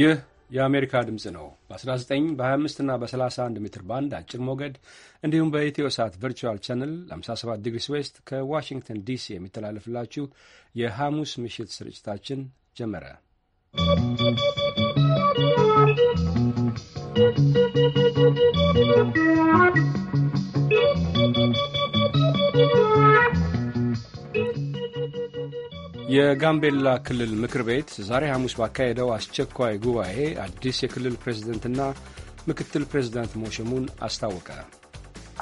ይህ የአሜሪካ ድምፅ ነው። በ19 በ25 እና በ31 ሜትር ባንድ አጭር ሞገድ እንዲሁም በኢትዮ ሳት ቨርቹዋል ቻነል 57 ዲግሪስ ዌስት ከዋሽንግተን ዲሲ የሚተላለፍላችሁ የሐሙስ ምሽት ስርጭታችን ጀመረ። ¶¶ የጋምቤላ ክልል ምክር ቤት ዛሬ ሐሙስ ባካሄደው አስቸኳይ ጉባኤ አዲስ የክልል ፕሬዝደንትና ምክትል ፕሬዝዳንት መሾሙን አስታወቀ።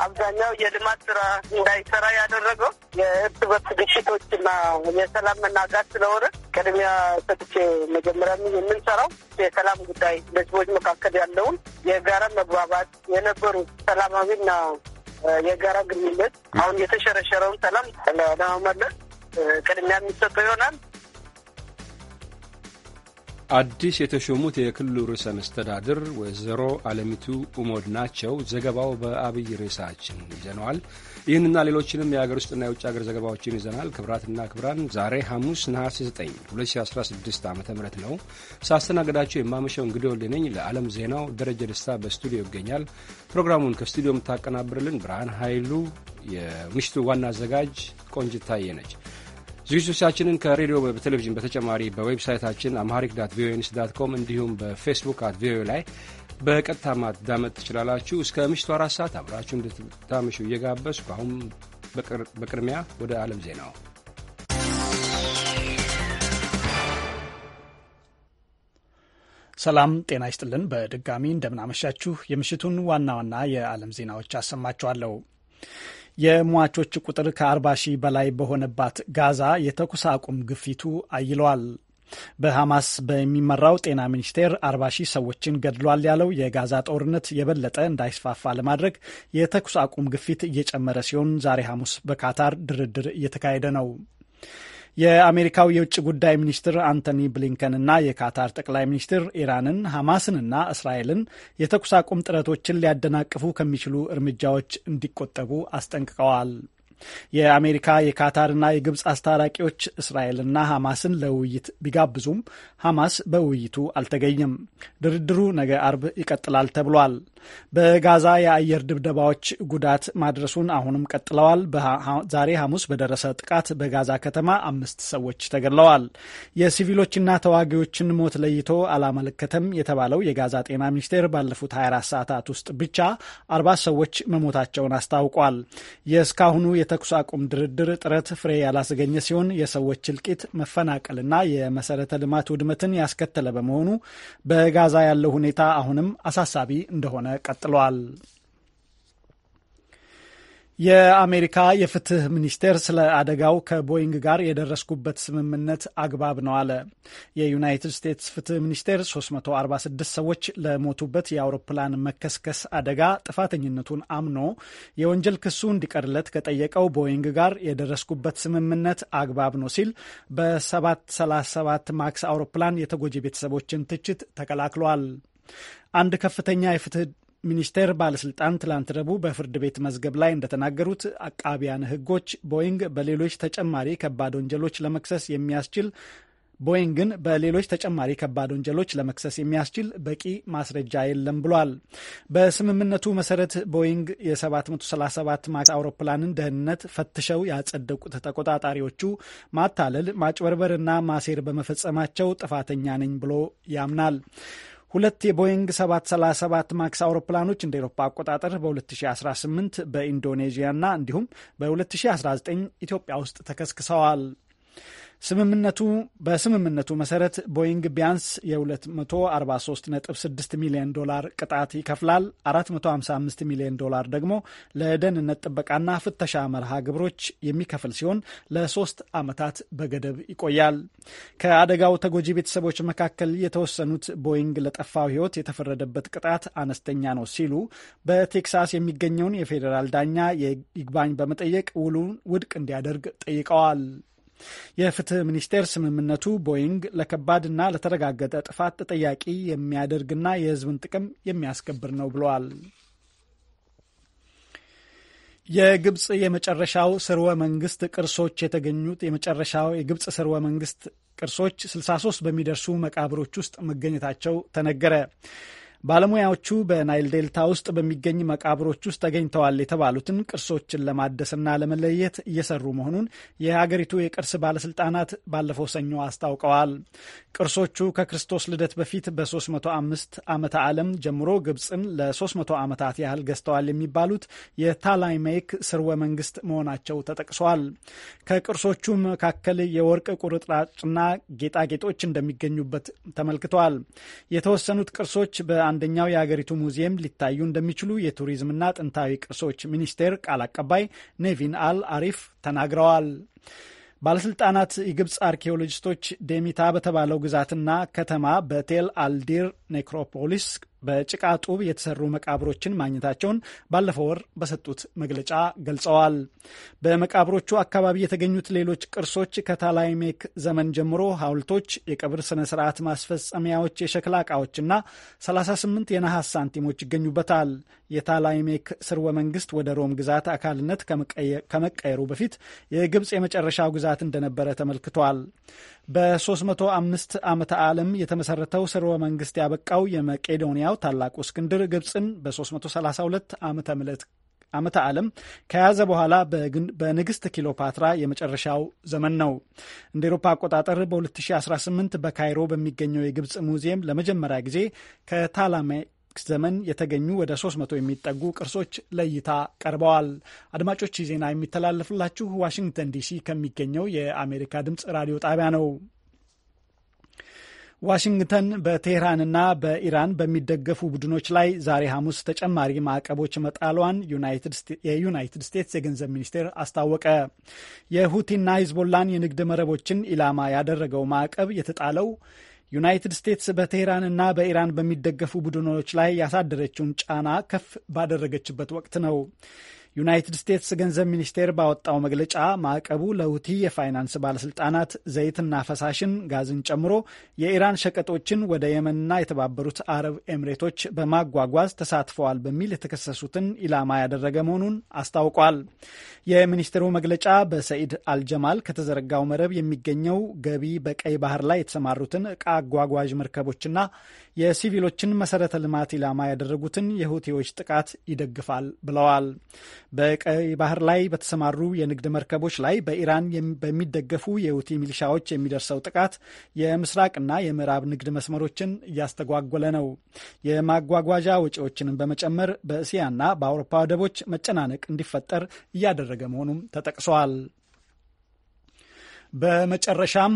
አብዛኛው የልማት ስራ እንዳይሰራ ያደረገው የእርስ በርስ ግጭቶችና የሰላም መናጋት ስለሆነ ቅድሚያ ሰጥቼ መጀመሪያ የምንሰራው የሰላም ጉዳይ በህዝቦች መካከል ያለውን የጋራ መግባባት የነበሩ ሰላማዊና የጋራ ግንኙነት አሁን የተሸረሸረውን ሰላም ለማመለስ ቅድሚያ የሚሰጠው ይሆናል። አዲስ የተሾሙት የክልሉ ርዕሰ መስተዳድር ወይዘሮ አለሚቱ ኡሞድ ናቸው። ዘገባው በአብይ ርዕሳችን ይዘነዋል። ይህንና ሌሎችንም የአገር ውስጥና የውጭ አገር ዘገባዎችን ይዘናል። ክብራትና ክብራን ዛሬ ሐሙስ ነሐሴ 9 2016 ዓ ም ነው። ሳስተናግዳቸው የማመሸው እንግዲህ ወልዴ ነኝ። ለዓለም ዜናው ደረጀ ደስታ በስቱዲዮ ይገኛል። ፕሮግራሙን ከስቱዲዮ የምታቀናብርልን ብርሃን ኃይሉ፣ የምሽቱ ዋና አዘጋጅ ቆንጅት ታየ ነች። ዝግጅቶቻችንን ከሬዲዮ በቴሌቪዥን በተጨማሪ በዌብሳይታችን አምሃሪክ ዳት ቪኦኤ ኒውስ ዳት ኮም እንዲሁም በፌስቡክ አት ቪኦኤ ላይ በቀጥታ ማዳመጥ ትችላላችሁ። እስከ ምሽቱ አራት ሰዓት አብራችሁ እንድታመሹ እየጋበዝኩ አሁን በቅድሚያ ወደ ዓለም ዜናው ሰላም ጤና ይስጥልን። በድጋሚ እንደምናመሻችሁ። የምሽቱን ዋና ዋና የዓለም ዜናዎች አሰማችኋለሁ። የሟቾች ቁጥር ከ40 ሺህ በላይ በሆነባት ጋዛ የተኩስ አቁም ግፊቱ አይለዋል። በሐማስ በሚመራው ጤና ሚኒስቴር 40 ሺህ ሰዎችን ገድሏል ያለው የጋዛ ጦርነት የበለጠ እንዳይስፋፋ ለማድረግ የተኩስ አቁም ግፊት እየጨመረ ሲሆን ዛሬ ሐሙስ በካታር ድርድር እየተካሄደ ነው። የአሜሪካው የውጭ ጉዳይ ሚኒስትር አንቶኒ ብሊንከንና የካታር ጠቅላይ ሚኒስትር ኢራንን፣ ሐማስንና እስራኤልን የተኩስ አቁም ጥረቶችን ሊያደናቅፉ ከሚችሉ እርምጃዎች እንዲቆጠቡ አስጠንቅቀዋል። የአሜሪካ የካታርና የግብፅ አስታራቂዎች እስራኤልና ሐማስን ለውይይት ቢጋብዙም ሐማስ በውይይቱ አልተገኘም። ድርድሩ ነገ አርብ ይቀጥላል ተብሏል። በጋዛ የአየር ድብደባዎች ጉዳት ማድረሱን አሁንም ቀጥለዋል። ዛሬ ሐሙስ በደረሰ ጥቃት በጋዛ ከተማ አምስት ሰዎች ተገድለዋል። የሲቪሎችና ተዋጊዎችን ሞት ለይቶ አላመለከተም የተባለው የጋዛ ጤና ሚኒስቴር ባለፉት 24 ሰዓታት ውስጥ ብቻ አርባ ሰዎች መሞታቸውን አስታውቋል። የእስካሁኑ የተኩስ አቁም ድርድር ጥረት ፍሬ ያላስገኘ ሲሆን የሰዎች እልቂት፣ መፈናቀልና የመሰረተ ልማት ውድመትን ያስከተለ በመሆኑ በጋዛ ያለው ሁኔታ አሁንም አሳሳቢ እንደሆነ ቀጥሏል። የአሜሪካ የፍትህ ሚኒስቴር ስለ አደጋው ከቦይንግ ጋር የደረስኩበት ስምምነት አግባብ ነው አለ። የዩናይትድ ስቴትስ ፍትህ ሚኒስቴር 346 ሰዎች ለሞቱበት የአውሮፕላን መከስከስ አደጋ ጥፋተኝነቱን አምኖ የወንጀል ክሱ እንዲቀርለት ከጠየቀው ቦይንግ ጋር የደረስኩበት ስምምነት አግባብ ነው ሲል በ737 ማክስ አውሮፕላን የተጎጂ ቤተሰቦችን ትችት ተከላክሏል። አንድ ከፍተኛ የፍትህ ሚኒስቴር ባለስልጣን ትላንት ረቡዕ በፍርድ ቤት መዝገብ ላይ እንደተናገሩት አቃቢያን ሕጎች ቦይንግ በሌሎች ተጨማሪ ከባድ ወንጀሎች ለመክሰስ የሚያስችል ቦይንግን በሌሎች ተጨማሪ ከባድ ወንጀሎች ለመክሰስ የሚያስችል በቂ ማስረጃ የለም ብሏል። በስምምነቱ መሰረት ቦይንግ የ737 ማክስ አውሮፕላንን ደህንነት ፈትሸው ያጸደቁት ተቆጣጣሪዎቹ ማታለል፣ ማጭበርበርና ማሴር በመፈጸማቸው ጥፋተኛ ነኝ ብሎ ያምናል። ሁለት የቦይንግ 737 ማክስ አውሮፕላኖች እንደ ኤሮፓ አቆጣጠር በ2018 በኢንዶኔዥያና እንዲሁም በ2019 ኢትዮጵያ ውስጥ ተከስክሰዋል። ስምምነቱ በስምምነቱ መሰረት ቦይንግ ቢያንስ የ243.6 ሚሊዮን ዶላር ቅጣት ይከፍላል። 455 ሚሊዮን ዶላር ደግሞ ለደህንነት ጥበቃና ፍተሻ መርሃ ግብሮች የሚከፍል ሲሆን ለሶስት ዓመታት በገደብ ይቆያል። ከአደጋው ተጎጂ ቤተሰቦች መካከል የተወሰኑት ቦይንግ ለጠፋው ሕይወት የተፈረደበት ቅጣት አነስተኛ ነው ሲሉ በቴክሳስ የሚገኘውን የፌዴራል ዳኛ ይግባኝ በመጠየቅ ውሉን ውድቅ እንዲያደርግ ጠይቀዋል። የፍትህ ሚኒስቴር ስምምነቱ ቦይንግ ለከባድና ለተረጋገጠ ጥፋት ተጠያቂ የሚያደርግና የህዝብን ጥቅም የሚያስከብር ነው ብለዋል። የግብፅ የመጨረሻው ስርወ መንግስት ቅርሶች የተገኙት የመጨረሻው የግብፅ ስርወ መንግስት ቅርሶች 63 በሚደርሱ መቃብሮች ውስጥ መገኘታቸው ተነገረ። ባለሙያዎቹ በናይል ዴልታ ውስጥ በሚገኝ መቃብሮች ውስጥ ተገኝተዋል የተባሉትን ቅርሶችን ለማደስና ለመለየት እየሰሩ መሆኑን የሀገሪቱ የቅርስ ባለስልጣናት ባለፈው ሰኞ አስታውቀዋል። ቅርሶቹ ከክርስቶስ ልደት በፊት በ305 ዓመተ ዓለም ጀምሮ ግብፅን ለ300 ዓመታት ያህል ገዝተዋል የሚባሉት የታላይሜክ ስርወ መንግስት መሆናቸው ተጠቅሷል። ከቅርሶቹ መካከል የወርቅ ቁርጥራጭና ጌጣጌጦች እንደሚገኙበት ተመልክተዋል። የተወሰኑት ቅርሶች በአ አንደኛው የአገሪቱ ሙዚየም ሊታዩ እንደሚችሉ የቱሪዝምና ጥንታዊ ቅርሶች ሚኒስቴር ቃል አቀባይ ኔቪን አል አሪፍ ተናግረዋል። ባለስልጣናት የግብፅ አርኪኦሎጂስቶች ዴሚታ በተባለው ግዛትና ከተማ በቴል አልዲር ኔክሮፖሊስ በጭቃ ጡብ የተሰሩ መቃብሮችን ማግኘታቸውን ባለፈው ወር በሰጡት መግለጫ ገልጸዋል። በመቃብሮቹ አካባቢ የተገኙት ሌሎች ቅርሶች ከታላይሜክ ዘመን ጀምሮ ሐውልቶች፣ የቀብር ስነ ስርዓት ማስፈጸሚያዎች፣ የሸክላ ዕቃዎችና 38 የነሐስ ሳንቲሞች ይገኙበታል። የታላይሜክ ስርወ መንግስት ወደ ሮም ግዛት አካልነት ከመቀየሩ በፊት የግብፅ የመጨረሻው ግዛት እንደነበረ ተመልክቷል። በ305 ዓመተ ዓለም የተመሠረተው ስርወ መንግሥት ያበቃው የመቄዶንያው ታላቁ እስክንድር ግብፅን በ332 ዓመተ ምለት ዓመተ ዓለም ከያዘ በኋላ በንግሥት ኪሎፓትራ የመጨረሻው ዘመን ነው። እንደ ኤሮፓ አቆጣጠር በ2018 በካይሮ በሚገኘው የግብፅ ሙዚየም ለመጀመሪያ ጊዜ ዘመን የተገኙ ወደ 300 የሚጠጉ ቅርሶች ለእይታ ቀርበዋል። አድማጮች ዜና የሚተላለፍላችሁ ዋሽንግተን ዲሲ ከሚገኘው የአሜሪካ ድምፅ ራዲዮ ጣቢያ ነው። ዋሽንግተን በቴህራንና በኢራን በሚደገፉ ቡድኖች ላይ ዛሬ ሐሙስ ተጨማሪ ማዕቀቦች መጣሏን የዩናይትድ ስቴትስ የገንዘብ ሚኒስቴር አስታወቀ። የሁቲና ሂዝቦላን የንግድ መረቦችን ኢላማ ያደረገው ማዕቀብ የተጣለው ዩናይትድ ስቴትስ በቴህራንና በኢራን በሚደገፉ ቡድኖች ላይ ያሳደረችውን ጫና ከፍ ባደረገችበት ወቅት ነው። ዩናይትድ ስቴትስ ገንዘብ ሚኒስቴር ባወጣው መግለጫ ማዕቀቡ ለሁቲ የፋይናንስ ባለስልጣናት ዘይትና ፈሳሽን ጋዝን ጨምሮ የኢራን ሸቀጦችን ወደ የመንና የተባበሩት አረብ ኤምሬቶች በማጓጓዝ ተሳትፈዋል በሚል የተከሰሱትን ኢላማ ያደረገ መሆኑን አስታውቋል። የሚኒስቴሩ መግለጫ በሰኢድ አልጀማል ከተዘረጋው መረብ የሚገኘው ገቢ በቀይ ባህር ላይ የተሰማሩትን እቃ አጓጓዥ መርከቦችና የሲቪሎችን መሰረተ ልማት ኢላማ ያደረጉትን የሁቲዎች ጥቃት ይደግፋል ብለዋል። በቀይ ባህር ላይ በተሰማሩ የንግድ መርከቦች ላይ በኢራን በሚደገፉ የሁቲ ሚሊሻዎች የሚደርሰው ጥቃት የምስራቅና የምዕራብ ንግድ መስመሮችን እያስተጓጎለ ነው። የማጓጓዣ ወጪዎችንም በመጨመር በእስያና በአውሮፓ ወደቦች መጨናነቅ እንዲፈጠር እያደረገ መሆኑም ተጠቅሷል። በመጨረሻም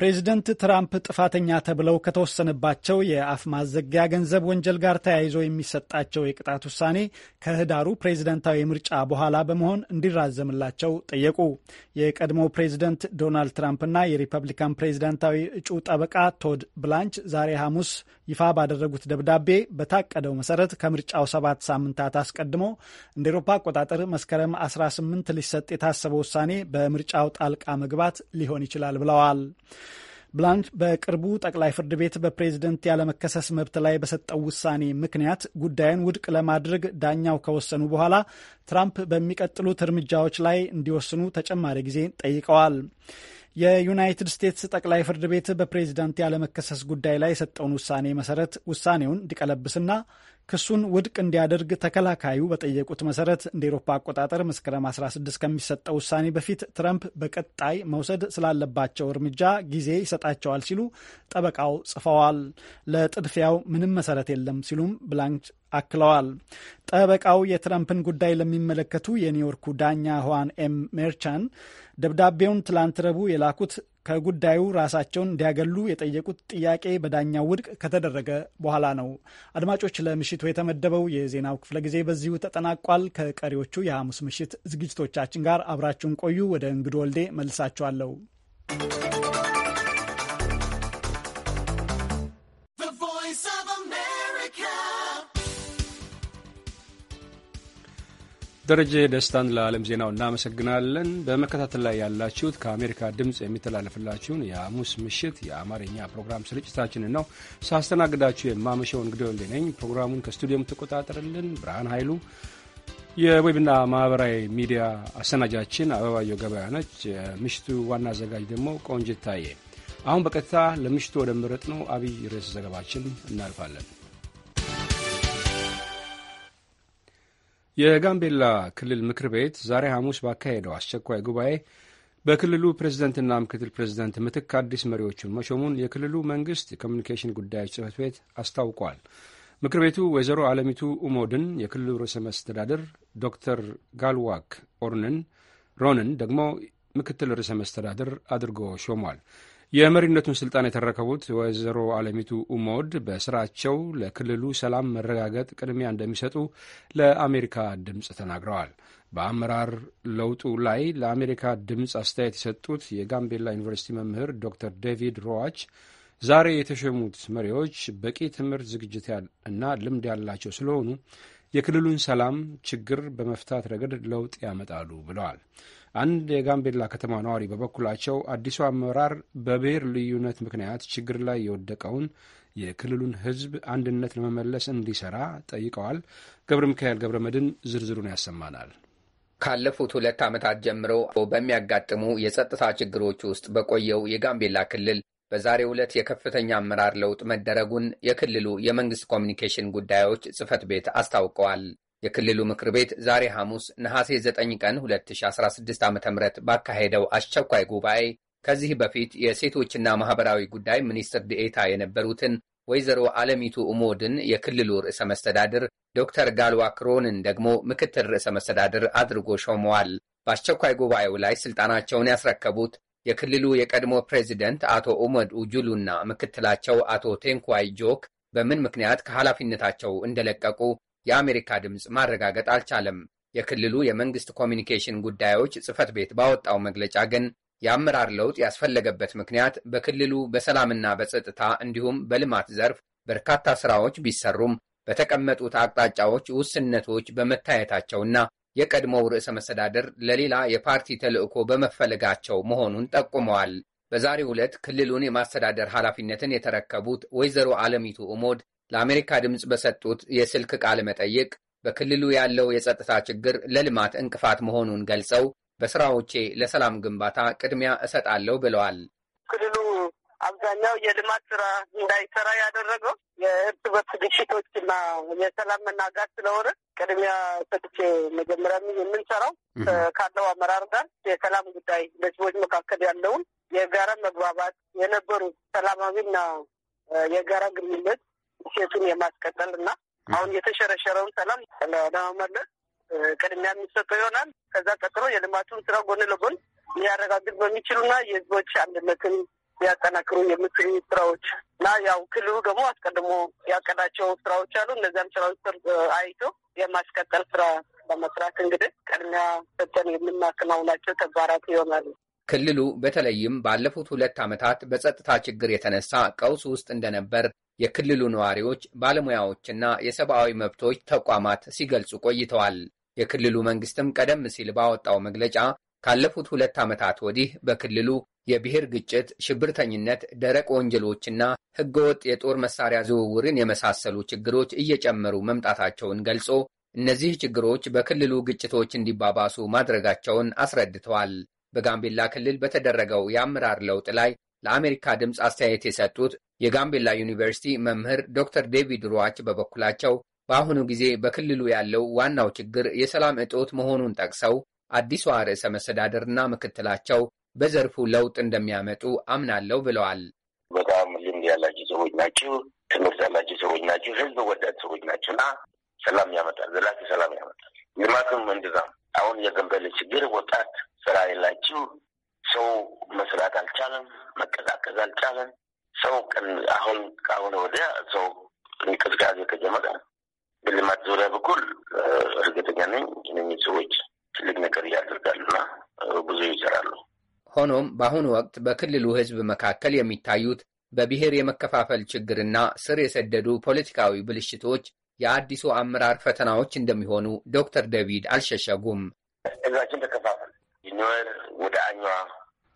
ፕሬዚደንት ትራምፕ ጥፋተኛ ተብለው ከተወሰነባቸው የአፍ ማዘጊያ ገንዘብ ወንጀል ጋር ተያይዞ የሚሰጣቸው የቅጣት ውሳኔ ከህዳሩ ፕሬዚደንታዊ ምርጫ በኋላ በመሆን እንዲራዘምላቸው ጠየቁ። የቀድሞው ፕሬዚደንት ዶናልድ ትራምፕና የሪፐብሊካን ፕሬዚደንታዊ እጩ ጠበቃ ቶድ ብላንች ዛሬ ሐሙስ ይፋ ባደረጉት ደብዳቤ በታቀደው መሰረት ከምርጫው ሰባት ሳምንታት አስቀድሞ እንደ ኤሮፓ አቆጣጠር መስከረም 18 ሊሰጥ የታሰበው ውሳኔ በምርጫው ጣልቃ መግባት ሊሆን ይችላል ብለዋል። ብላንች በቅርቡ ጠቅላይ ፍርድ ቤት በፕሬዝደንት ያለመከሰስ መብት ላይ በሰጠው ውሳኔ ምክንያት ጉዳዩን ውድቅ ለማድረግ ዳኛው ከወሰኑ በኋላ ትራምፕ በሚቀጥሉት እርምጃዎች ላይ እንዲወስኑ ተጨማሪ ጊዜ ጠይቀዋል። የዩናይትድ ስቴትስ ጠቅላይ ፍርድ ቤት በፕሬዚዳንት ያለመከሰስ ጉዳይ ላይ የሰጠውን ውሳኔ መሰረት ውሳኔውን እንዲቀለብስና ክሱን ውድቅ እንዲያደርግ ተከላካዩ በጠየቁት መሰረት እንደ ኤሮፓ አቆጣጠር መስከረም 16 ከሚሰጠው ውሳኔ በፊት ትረምፕ በቀጣይ መውሰድ ስላለባቸው እርምጃ ጊዜ ይሰጣቸዋል ሲሉ ጠበቃው ጽፈዋል። ለጥድፊያው ምንም መሰረት የለም ሲሉም ብላንች አክለዋል። ጠበቃው የትረምፕን ጉዳይ ለሚመለከቱ የኒውዮርኩ ዳኛ ሁዋን ኤም ሜርቻን ደብዳቤውን ትላንት ረቡዕ የላኩት ከጉዳዩ ራሳቸውን እንዲያገሉ የጠየቁት ጥያቄ በዳኛው ውድቅ ከተደረገ በኋላ ነው። አድማጮች፣ ለምሽቱ የተመደበው የዜናው ክፍለ ጊዜ በዚሁ ተጠናቋል። ከቀሪዎቹ የሐሙስ ምሽት ዝግጅቶቻችን ጋር አብራችሁን ቆዩ። ወደ እንግዶ ወልዴ መልሳችኋለሁ። ደረጀ ደስታን ለዓለም ዜናው እናመሰግናለን። በመከታተል ላይ ያላችሁት ከአሜሪካ ድምፅ የሚተላለፍላችሁን የሐሙስ ምሽት የአማርኛ ፕሮግራም ስርጭታችንን ነው። ሳስተናግዳችሁ የማመሸው እንግዲህ ወልዴ ነኝ። ፕሮግራሙን ከስቱዲዮ የምትቆጣጠርልን ብርሃን ኃይሉ፣ የዌብና ማህበራዊ ሚዲያ አሰናጃችን አበባየው ገበያ ነች። የምሽቱ ዋና አዘጋጅ ደግሞ ቆንጅት ታዬ። አሁን በቀጥታ ለምሽቱ ወደ ምረጥ ነው አብይ ርዕስ ዘገባችን እናልፋለን። የጋምቤላ ክልል ምክር ቤት ዛሬ ሐሙስ ባካሄደው አስቸኳይ ጉባኤ በክልሉ ፕሬዝደንትና ምክትል ፕሬዝደንት ምትክ አዲስ መሪዎቹን መሾሙን የክልሉ መንግስት የኮሚኒኬሽን ጉዳዮች ጽህፈት ቤት አስታውቋል። ምክር ቤቱ ወይዘሮ አለሚቱ ኡሞድን የክልሉ ርዕሰ መስተዳድር፣ ዶክተር ጋልዋክ ኦርንን ሮንን ደግሞ ምክትል ርዕሰ መስተዳድር አድርጎ ሾሟል። የመሪነቱን ስልጣን የተረከቡት ወይዘሮ አለሚቱ ኡሞድ በስራቸው ለክልሉ ሰላም መረጋገጥ ቅድሚያ እንደሚሰጡ ለአሜሪካ ድምፅ ተናግረዋል። በአመራር ለውጡ ላይ ለአሜሪካ ድምፅ አስተያየት የሰጡት የጋምቤላ ዩኒቨርሲቲ መምህር ዶክተር ዴቪድ ሮዋች ዛሬ የተሸሙት መሪዎች በቂ ትምህርት ዝግጅት እና ልምድ ያላቸው ስለሆኑ የክልሉን ሰላም ችግር በመፍታት ረገድ ለውጥ ያመጣሉ ብለዋል። አንድ የጋምቤላ ከተማ ነዋሪ በበኩላቸው አዲሱ አመራር በብሔር ልዩነት ምክንያት ችግር ላይ የወደቀውን የክልሉን ሕዝብ አንድነት ለመመለስ እንዲሰራ ጠይቀዋል። ገብረ ሚካኤል ገብረ መድን ዝርዝሩን ያሰማናል። ካለፉት ሁለት ዓመታት ጀምሮ በሚያጋጥሙ የጸጥታ ችግሮች ውስጥ በቆየው የጋምቤላ ክልል በዛሬው ዕለት የከፍተኛ አመራር ለውጥ መደረጉን የክልሉ የመንግስት ኮሚኒኬሽን ጉዳዮች ጽፈት ቤት አስታውቀዋል። የክልሉ ምክር ቤት ዛሬ ሐሙስ ነሐሴ 9 ቀን 2016 ዓ ም ባካሄደው አስቸኳይ ጉባኤ ከዚህ በፊት የሴቶችና ማኅበራዊ ጉዳይ ሚኒስትር ዲኤታ የነበሩትን ወይዘሮ አለሚቱ ኡሞድን የክልሉ ርዕሰ መስተዳድር ዶክተር ጋልዋ ክሮንን ደግሞ ምክትል ርዕሰ መስተዳድር አድርጎ ሾመዋል። በአስቸኳይ ጉባኤው ላይ ስልጣናቸውን ያስረከቡት የክልሉ የቀድሞ ፕሬዚደንት አቶ ኡመድ ኡጁሉና ምክትላቸው አቶ ቴንኳይ ጆክ በምን ምክንያት ከኃላፊነታቸው እንደለቀቁ የአሜሪካ ድምፅ ማረጋገጥ አልቻለም። የክልሉ የመንግስት ኮሚኒኬሽን ጉዳዮች ጽህፈት ቤት ባወጣው መግለጫ ግን የአመራር ለውጥ ያስፈለገበት ምክንያት በክልሉ በሰላምና በጸጥታ እንዲሁም በልማት ዘርፍ በርካታ ስራዎች ቢሰሩም በተቀመጡት አቅጣጫዎች ውስነቶች በመታየታቸውና የቀድሞው ርዕሰ መስተዳደር ለሌላ የፓርቲ ተልዕኮ በመፈለጋቸው መሆኑን ጠቁመዋል። በዛሬው ዕለት ክልሉን የማስተዳደር ኃላፊነትን የተረከቡት ወይዘሮ አለሚቱ እሞድ ለአሜሪካ ድምፅ በሰጡት የስልክ ቃለ መጠይቅ በክልሉ ያለው የጸጥታ ችግር ለልማት እንቅፋት መሆኑን ገልጸው በስራዎቼ ለሰላም ግንባታ ቅድሚያ እሰጣለሁ ብለዋል። ክልሉ አብዛኛው የልማት ስራ እንዳይሰራ ያደረገው የእርስ በርስ ግጭቶችና የሰላም መናጋት ስለሆነ ቅድሚያ ሰጥቼ መጀመሪያ የምንሰራው ካለው አመራር ጋር የሰላም ጉዳይ በህዝቦች መካከል ያለውን የጋራ መግባባት የነበሩ ሰላማዊና የጋራ ግንኙነት ሴቱን የማስቀጠል እና አሁን የተሸረሸረውን ሰላም ለመመለስ ቅድሚያ የሚሰጠው ይሆናል። ከዛ ቀጥሎ የልማቱን ስራ ጎን ለጎን ሊያረጋግጥ በሚችሉና የህዝቦች አንድነትን ሊያጠናክሩ የሚችሉ ስራዎች እና ያው ክልሉ ደግሞ አስቀድሞ ያቀዳቸው ስራዎች አሉ። እነዚያም ስራዎች አይቶ የማስቀጠል ስራ በመስራት እንግዲህ ቅድሚያ ሰጠን የምናከናውናቸው ተግባራት ይሆናሉ። ክልሉ በተለይም ባለፉት ሁለት ዓመታት በጸጥታ ችግር የተነሳ ቀውስ ውስጥ እንደነበር የክልሉ ነዋሪዎች፣ ባለሙያዎችና የሰብአዊ መብቶች ተቋማት ሲገልጹ ቆይተዋል። የክልሉ መንግስትም ቀደም ሲል ባወጣው መግለጫ ካለፉት ሁለት ዓመታት ወዲህ በክልሉ የብሔር ግጭት፣ ሽብርተኝነት፣ ደረቅ ወንጀሎችና ህገወጥ የጦር መሳሪያ ዝውውርን የመሳሰሉ ችግሮች እየጨመሩ መምጣታቸውን ገልጾ እነዚህ ችግሮች በክልሉ ግጭቶች እንዲባባሱ ማድረጋቸውን አስረድተዋል። በጋምቤላ ክልል በተደረገው የአመራር ለውጥ ላይ ለአሜሪካ ድምፅ አስተያየት የሰጡት የጋምቤላ ዩኒቨርሲቲ መምህር ዶክተር ዴቪድ ሩዋች በበኩላቸው በአሁኑ ጊዜ በክልሉ ያለው ዋናው ችግር የሰላም እጦት መሆኑን ጠቅሰው አዲሷ ርዕሰ መስተዳደርና ምክትላቸው በዘርፉ ለውጥ እንደሚያመጡ አምናለሁ ብለዋል። በጣም ልምድ ያላቸው ሰዎች ናቸው። ትምህርት ያላቸው ሰዎች ናቸው። ህዝብ ወዳድ ሰዎች ናቸውና ሰላም ያመጣል። ዘላቂ ሰላም ያመጣል። ልማትም እንደዛ አሁን የገንበል ችግር ወጣት ስራ የላቸው ሰው መስራት አልቻለም፣ መቀዛቀዝ አልቻለም። ሰው አሁን ከአሁን ወዲያ ሰው እንቅስቃሴ ከጀመረ በልማት ዙሪያ በኩል እርግጠኛ ነኝ እነኚህ ሰዎች ትልቅ ነገር ያደርጋሉና ብዙ ይሰራሉ። ሆኖም በአሁኑ ወቅት በክልሉ ህዝብ መካከል የሚታዩት በብሔር የመከፋፈል ችግርና ስር የሰደዱ ፖለቲካዊ ብልሽቶች የአዲሱ አመራር ፈተናዎች እንደሚሆኑ ዶክተር ደቪድ አልሸሸጉም። ህዝባችን ተከፋፈል ኒዌር ወደ አኛ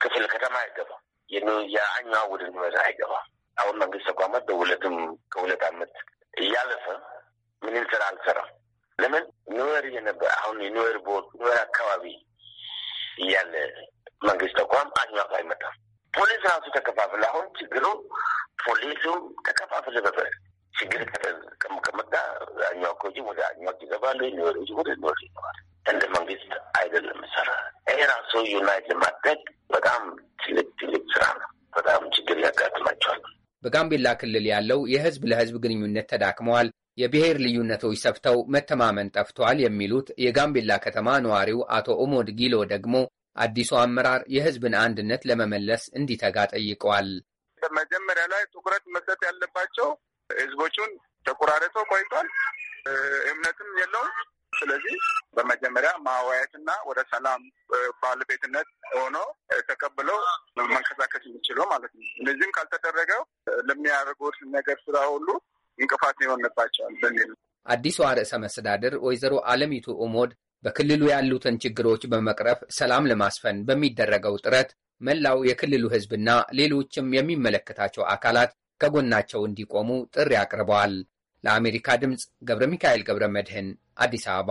ክፍል ከተማ አይገባም። የአኛ ወደ ኒዌር አይገባም። አሁን መንግስት ተቋማት በሁለትም ከሁለት አመት እያለፈ ምንም ስራ አልሰራም። ለምን ኒዌር የነበረ አሁን የኒዌር ቦርድ ኒዌር አካባቢ እያለ መንግስት ተቋም አኛ አይመጣም። ፖሊስ ራሱ ተከፋፍለ አሁን ችግሩ ፖሊሱ ተከፋፍለ በበር ችግር ከመጣ አኛው ኮጂ ወደ አኛው ይገባሉ፣ ኒዌሮች ወደ ኒዌር ይገባል። እንደ መንግስት አይደለም ሰራ። ይሄ ራሱ ዩናይት ለማድረግ በጣም ትልቅ ትልቅ ስራ ነው። በጣም ችግር ያጋጥማቸዋል። በጋምቤላ ክልል ያለው የህዝብ ለህዝብ ግንኙነት ተዳክመዋል፣ የብሔር ልዩነቶች ሰፍተው መተማመን ጠፍቷል የሚሉት የጋምቤላ ከተማ ነዋሪው አቶ ኦሞድ ጊሎ ደግሞ አዲሱ አመራር የህዝብን አንድነት ለመመለስ እንዲተጋ ጠይቀዋል። መጀመሪያ ላይ ትኩረት መስጠት ያለባቸው ህዝቦቹን ተቆራርጦ ቆይቷል፣ እምነትም የለውም ስለዚህ በመጀመሪያ ማዋየትና ወደ ሰላም ባለቤትነት ሆኖ ተቀብለው መንቀሳቀስ የሚችለው ማለት ነው። እነዚህም ካልተደረገው ለሚያደርጉት ነገር ስራ ሁሉ እንቅፋት ይሆንባቸዋል በሚል አዲሷ ርዕሰ መስተዳድር ወይዘሮ አለሚቱ ኡሞድ በክልሉ ያሉትን ችግሮች በመቅረፍ ሰላም ለማስፈን በሚደረገው ጥረት መላው የክልሉ ሕዝብና ሌሎችም የሚመለከታቸው አካላት ከጎናቸው እንዲቆሙ ጥሪ አቅርበዋል። ለአሜሪካ ድምፅ ገብረ ሚካኤል ገብረ መድህን አዲስ አበባ።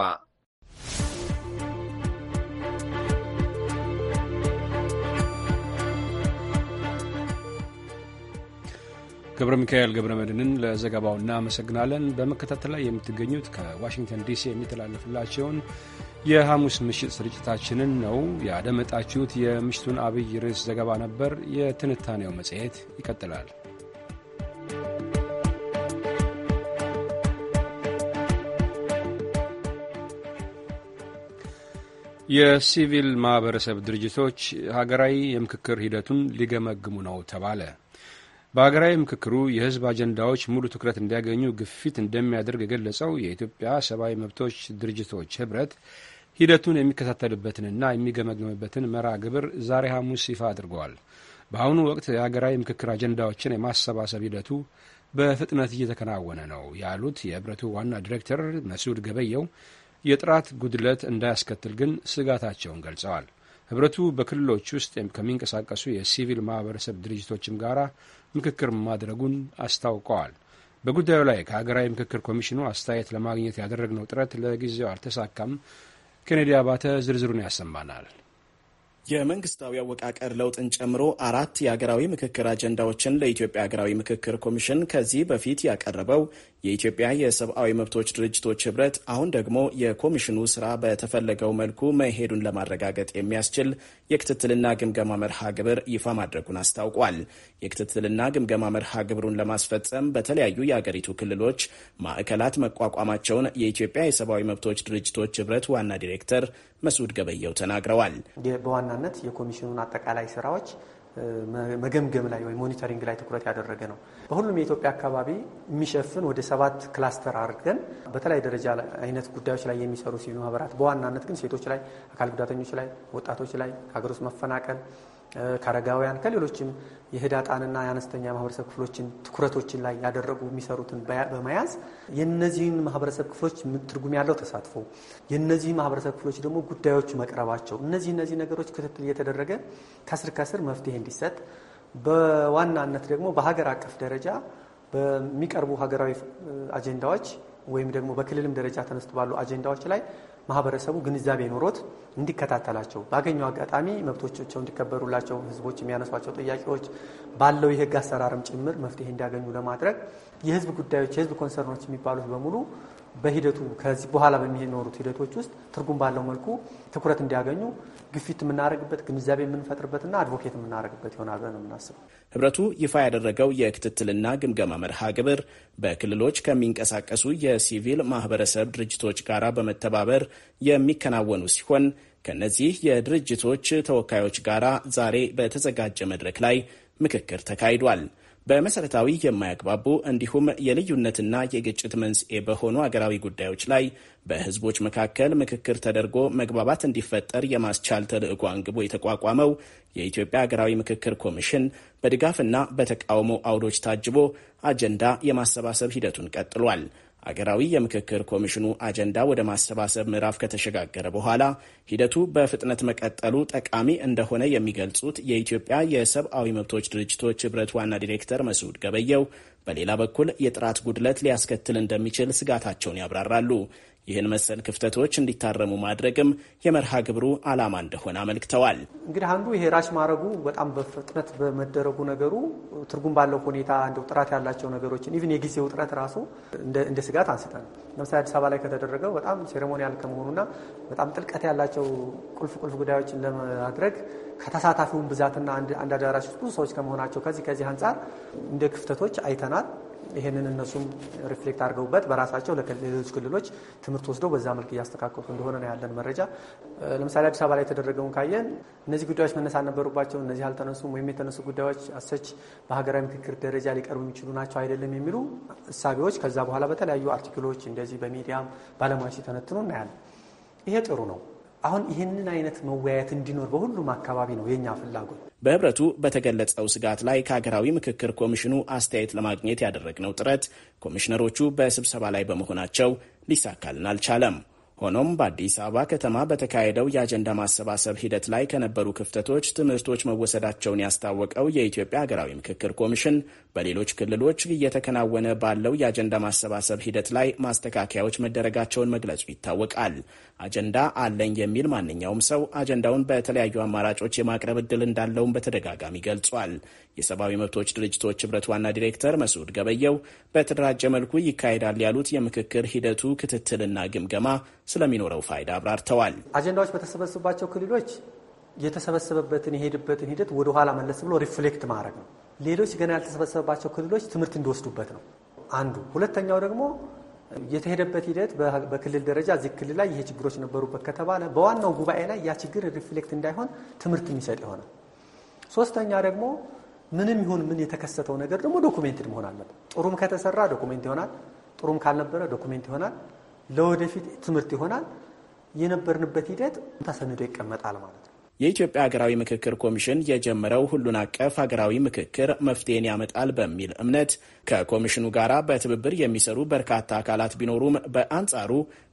ገብረ ሚካኤል ገብረ መድህንን ለዘገባው እናመሰግናለን። በመከታተል ላይ የምትገኙት ከዋሽንግተን ዲሲ የሚተላለፍላቸውን የሐሙስ ምሽት ስርጭታችንን ነው ያደመጣችሁት። የምሽቱን አብይ ርዕስ ዘገባ ነበር። የትንታኔው መጽሔት ይቀጥላል። የሲቪል ማህበረሰብ ድርጅቶች ሀገራዊ የምክክር ሂደቱን ሊገመግሙ ነው ተባለ። በሀገራዊ ምክክሩ የህዝብ አጀንዳዎች ሙሉ ትኩረት እንዲያገኙ ግፊት እንደሚያደርግ የገለጸው የኢትዮጵያ ሰብአዊ መብቶች ድርጅቶች ህብረት ሂደቱን የሚከታተልበትንና የሚገመግምበትን መርሃ ግብር ዛሬ ሐሙስ ይፋ አድርገዋል። በአሁኑ ወቅት የሀገራዊ ምክክር አጀንዳዎችን የማሰባሰብ ሂደቱ በፍጥነት እየተከናወነ ነው ያሉት የህብረቱ ዋና ዲሬክተር መስዑድ ገበየው የጥራት ጉድለት እንዳያስከትል ግን ስጋታቸውን ገልጸዋል። ህብረቱ በክልሎች ውስጥ ከሚንቀሳቀሱ የሲቪል ማህበረሰብ ድርጅቶችም ጋር ምክክር ማድረጉን አስታውቀዋል። በጉዳዩ ላይ ከሀገራዊ ምክክር ኮሚሽኑ አስተያየት ለማግኘት ያደረግነው ጥረት ለጊዜው አልተሳካም። ኬኔዲ አባተ ዝርዝሩን ያሰማናል። የመንግስታዊ አወቃቀር ለውጥን ጨምሮ አራት የአገራዊ ምክክር አጀንዳዎችን ለኢትዮጵያ አገራዊ ምክክር ኮሚሽን ከዚህ በፊት ያቀረበው የኢትዮጵያ የሰብአዊ መብቶች ድርጅቶች ህብረት አሁን ደግሞ የኮሚሽኑ ስራ በተፈለገው መልኩ መሄዱን ለማረጋገጥ የሚያስችል የክትትልና ግምገማ መርሃ ግብር ይፋ ማድረጉን አስታውቋል። የክትትልና ግምገማ መርሃ ግብሩን ለማስፈጸም በተለያዩ የአገሪቱ ክልሎች ማዕከላት መቋቋማቸውን የኢትዮጵያ የሰብአዊ መብቶች ድርጅቶች ህብረት ዋና ዲሬክተር መስዑድ ገበየው ተናግረዋል። በዋናነት የኮሚሽኑን አጠቃላይ ስራዎች መገምገም ላይ ወይ ሞኒተሪንግ ላይ ትኩረት ያደረገ ነው። በሁሉም የኢትዮጵያ አካባቢ የሚሸፍን ወደ ሰባት ክላስተር አድርገን በተለያዩ ደረጃ አይነት ጉዳዮች ላይ የሚሰሩ ሲቪል ማህበራት በዋናነት ግን ሴቶች ላይ፣ አካል ጉዳተኞች ላይ፣ ወጣቶች ላይ፣ ከሀገር ውስጥ መፈናቀል ከአረጋውያን ከሌሎችም የህዳጣንና የአነስተኛ ማህበረሰብ ክፍሎችን ትኩረቶችን ላይ ያደረጉ የሚሰሩትን በመያዝ የነዚህን ማህበረሰብ ክፍሎች ትርጉም ያለው ተሳትፎ የነዚህ ማህበረሰብ ክፍሎች ደግሞ ጉዳዮቹ መቅረባቸው እነዚህ እነዚህ ነገሮች ክትትል እየተደረገ ከስር ከስር መፍትሄ እንዲሰጥ በዋናነት ደግሞ በሀገር አቀፍ ደረጃ በሚቀርቡ ሀገራዊ አጀንዳዎች ወይም ደግሞ በክልልም ደረጃ ተነስቶ ባሉ አጀንዳዎች ላይ ማህበረሰቡ ግንዛቤ ኖሮት እንዲከታተላቸው ባገኘው አጋጣሚ መብቶቻቸው እንዲከበሩላቸው ህዝቦች የሚያነሷቸው ጥያቄዎች ባለው የህግ አሰራርም ጭምር መፍትሄ እንዲያገኙ ለማድረግ የህዝብ ጉዳዮች የህዝብ ኮንሰርኖች የሚባሉት በሙሉ በሂደቱ ከዚህ በኋላ በሚኖሩት ሂደቶች ውስጥ ትርጉም ባለው መልኩ ትኩረት እንዲያገኙ ግፊት የምናደርግበት ግንዛቤ የምንፈጥርበትና አድቮኬት የምናደርግበት ይሆናል ብለን የምናስበው ህብረቱ ይፋ ያደረገው የክትትልና ግምገማ መርሃ ግብር በክልሎች ከሚንቀሳቀሱ የሲቪል ማህበረሰብ ድርጅቶች ጋር በመተባበር የሚከናወኑ ሲሆን ከእነዚህ የድርጅቶች ተወካዮች ጋር ዛሬ በተዘጋጀ መድረክ ላይ ምክክር ተካሂዷል። በመሰረታዊ የማያግባቡ እንዲሁም የልዩነትና የግጭት መንስኤ በሆኑ አገራዊ ጉዳዮች ላይ በህዝቦች መካከል ምክክር ተደርጎ መግባባት እንዲፈጠር የማስቻል ተልዕኮ አንግቦ የተቋቋመው የኢትዮጵያ አገራዊ ምክክር ኮሚሽን በድጋፍና በተቃውሞ አውዶች ታጅቦ አጀንዳ የማሰባሰብ ሂደቱን ቀጥሏል። አገራዊ የምክክር ኮሚሽኑ አጀንዳ ወደ ማሰባሰብ ምዕራፍ ከተሸጋገረ በኋላ ሂደቱ በፍጥነት መቀጠሉ ጠቃሚ እንደሆነ የሚገልጹት የኢትዮጵያ የሰብአዊ መብቶች ድርጅቶች ህብረት ዋና ዲሬክተር መስዑድ ገበየው በሌላ በኩል የጥራት ጉድለት ሊያስከትል እንደሚችል ስጋታቸውን ያብራራሉ። ይህን መሰል ክፍተቶች እንዲታረሙ ማድረግም የመርሃ ግብሩ ዓላማ እንደሆነ አመልክተዋል። እንግዲህ አንዱ ይሄ ራሽ ማድረጉ በጣም በፍጥነት በመደረጉ ነገሩ ትርጉም ባለው ሁኔታ እንደው ጥራት ያላቸው ነገሮችን ኢቭን የጊዜ ውጥረት ራሱ እንደ ስጋት አንስተን ለምሳሌ አዲስ አበባ ላይ ከተደረገው በጣም ሴሬሞኒያል ከመሆኑና በጣም ጥልቀት ያላቸው ቁልፍ ቁልፍ ጉዳዮችን ለማድረግ ከተሳታፊውን ብዛትና አንድ አዳራሽ ውስጥ ብዙ ሰዎች ከመሆናቸው ከዚህ ከዚህ አንጻር እንደ ክፍተቶች አይተናል። ይህንን እነሱም ሪፍሌክት አድርገውበት በራሳቸው ለሌሎች ክልሎች ትምህርት ወስደው በዛ መልክ እያስተካከሉ እንደሆነ ነው ያለን መረጃ። ለምሳሌ አዲስ አበባ ላይ የተደረገውን ካየን እነዚህ ጉዳዮች መነሳት ነበሩባቸው፣ እነዚህ አልተነሱም፣ ወይም የተነሱ ጉዳዮች አሰች በሀገራዊ ምክክር ደረጃ ሊቀርቡ የሚችሉ ናቸው አይደለም የሚሉ እሳቤዎች ከዛ በኋላ በተለያዩ አርቲክሎች እንደዚህ በሚዲያም ባለሙያ ሲተነትኑ እናያለን። ይሄ ጥሩ ነው። አሁን ይህንን አይነት መወያየት እንዲኖር በሁሉም አካባቢ ነው የኛ ፍላጎት። በህብረቱ በተገለጸው ስጋት ላይ ከሀገራዊ ምክክር ኮሚሽኑ አስተያየት ለማግኘት ያደረግነው ጥረት ኮሚሽነሮቹ በስብሰባ ላይ በመሆናቸው ሊሳካልን አልቻለም። ሆኖም በአዲስ አበባ ከተማ በተካሄደው የአጀንዳ ማሰባሰብ ሂደት ላይ ከነበሩ ክፍተቶች ትምህርቶች መወሰዳቸውን ያስታወቀው የኢትዮጵያ ሀገራዊ ምክክር ኮሚሽን በሌሎች ክልሎች እየተከናወነ ባለው የአጀንዳ ማሰባሰብ ሂደት ላይ ማስተካከያዎች መደረጋቸውን መግለጹ ይታወቃል። አጀንዳ አለኝ የሚል ማንኛውም ሰው አጀንዳውን በተለያዩ አማራጮች የማቅረብ እድል እንዳለውም በተደጋጋሚ ገልጿል። የሰብአዊ መብቶች ድርጅቶች ህብረት ዋና ዲሬክተር መስዑድ ገበየው በተደራጀ መልኩ ይካሄዳል ያሉት የምክክር ሂደቱ ክትትልና ግምገማ ስለሚኖረው ፋይዳ አብራርተዋል። አጀንዳዎች በተሰበሰቡባቸው ክልሎች የተሰበሰበበትን የሄድበትን ሂደት ወደኋላ መለስ ብሎ ሪፍሌክት ማድረግ ነው። ሌሎች ገና ያልተሰበሰበባቸው ክልሎች ትምህርት እንዲወስዱበት ነው አንዱ። ሁለተኛው ደግሞ የተሄደበት ሂደት በክልል ደረጃ እዚህ ክልል ላይ ይሄ ችግሮች ነበሩበት ከተባለ በዋናው ጉባኤ ላይ ያ ችግር ሪፍሌክት እንዳይሆን ትምህርት የሚሰጥ የሆነ ሶስተኛ ደግሞ ምንም ይሁን ምን የተከሰተው ነገር ደግሞ ዶኩሜንትድ መሆን አለበት። ጥሩም ከተሰራ ዶኩሜንት ይሆናል፣ ጥሩም ካልነበረ ዶኩሜንት ይሆናል። ለወደፊት ትምህርት ይሆናል። የነበርንበት ሂደት ተሰንዶ ይቀመጣል ማለት ነው። የኢትዮጵያ ሀገራዊ ምክክር ኮሚሽን የጀመረው ሁሉን አቀፍ ሀገራዊ ምክክር መፍትሄን ያመጣል በሚል እምነት ከኮሚሽኑ ጋር በትብብር የሚሰሩ በርካታ አካላት ቢኖሩም በአንጻሩ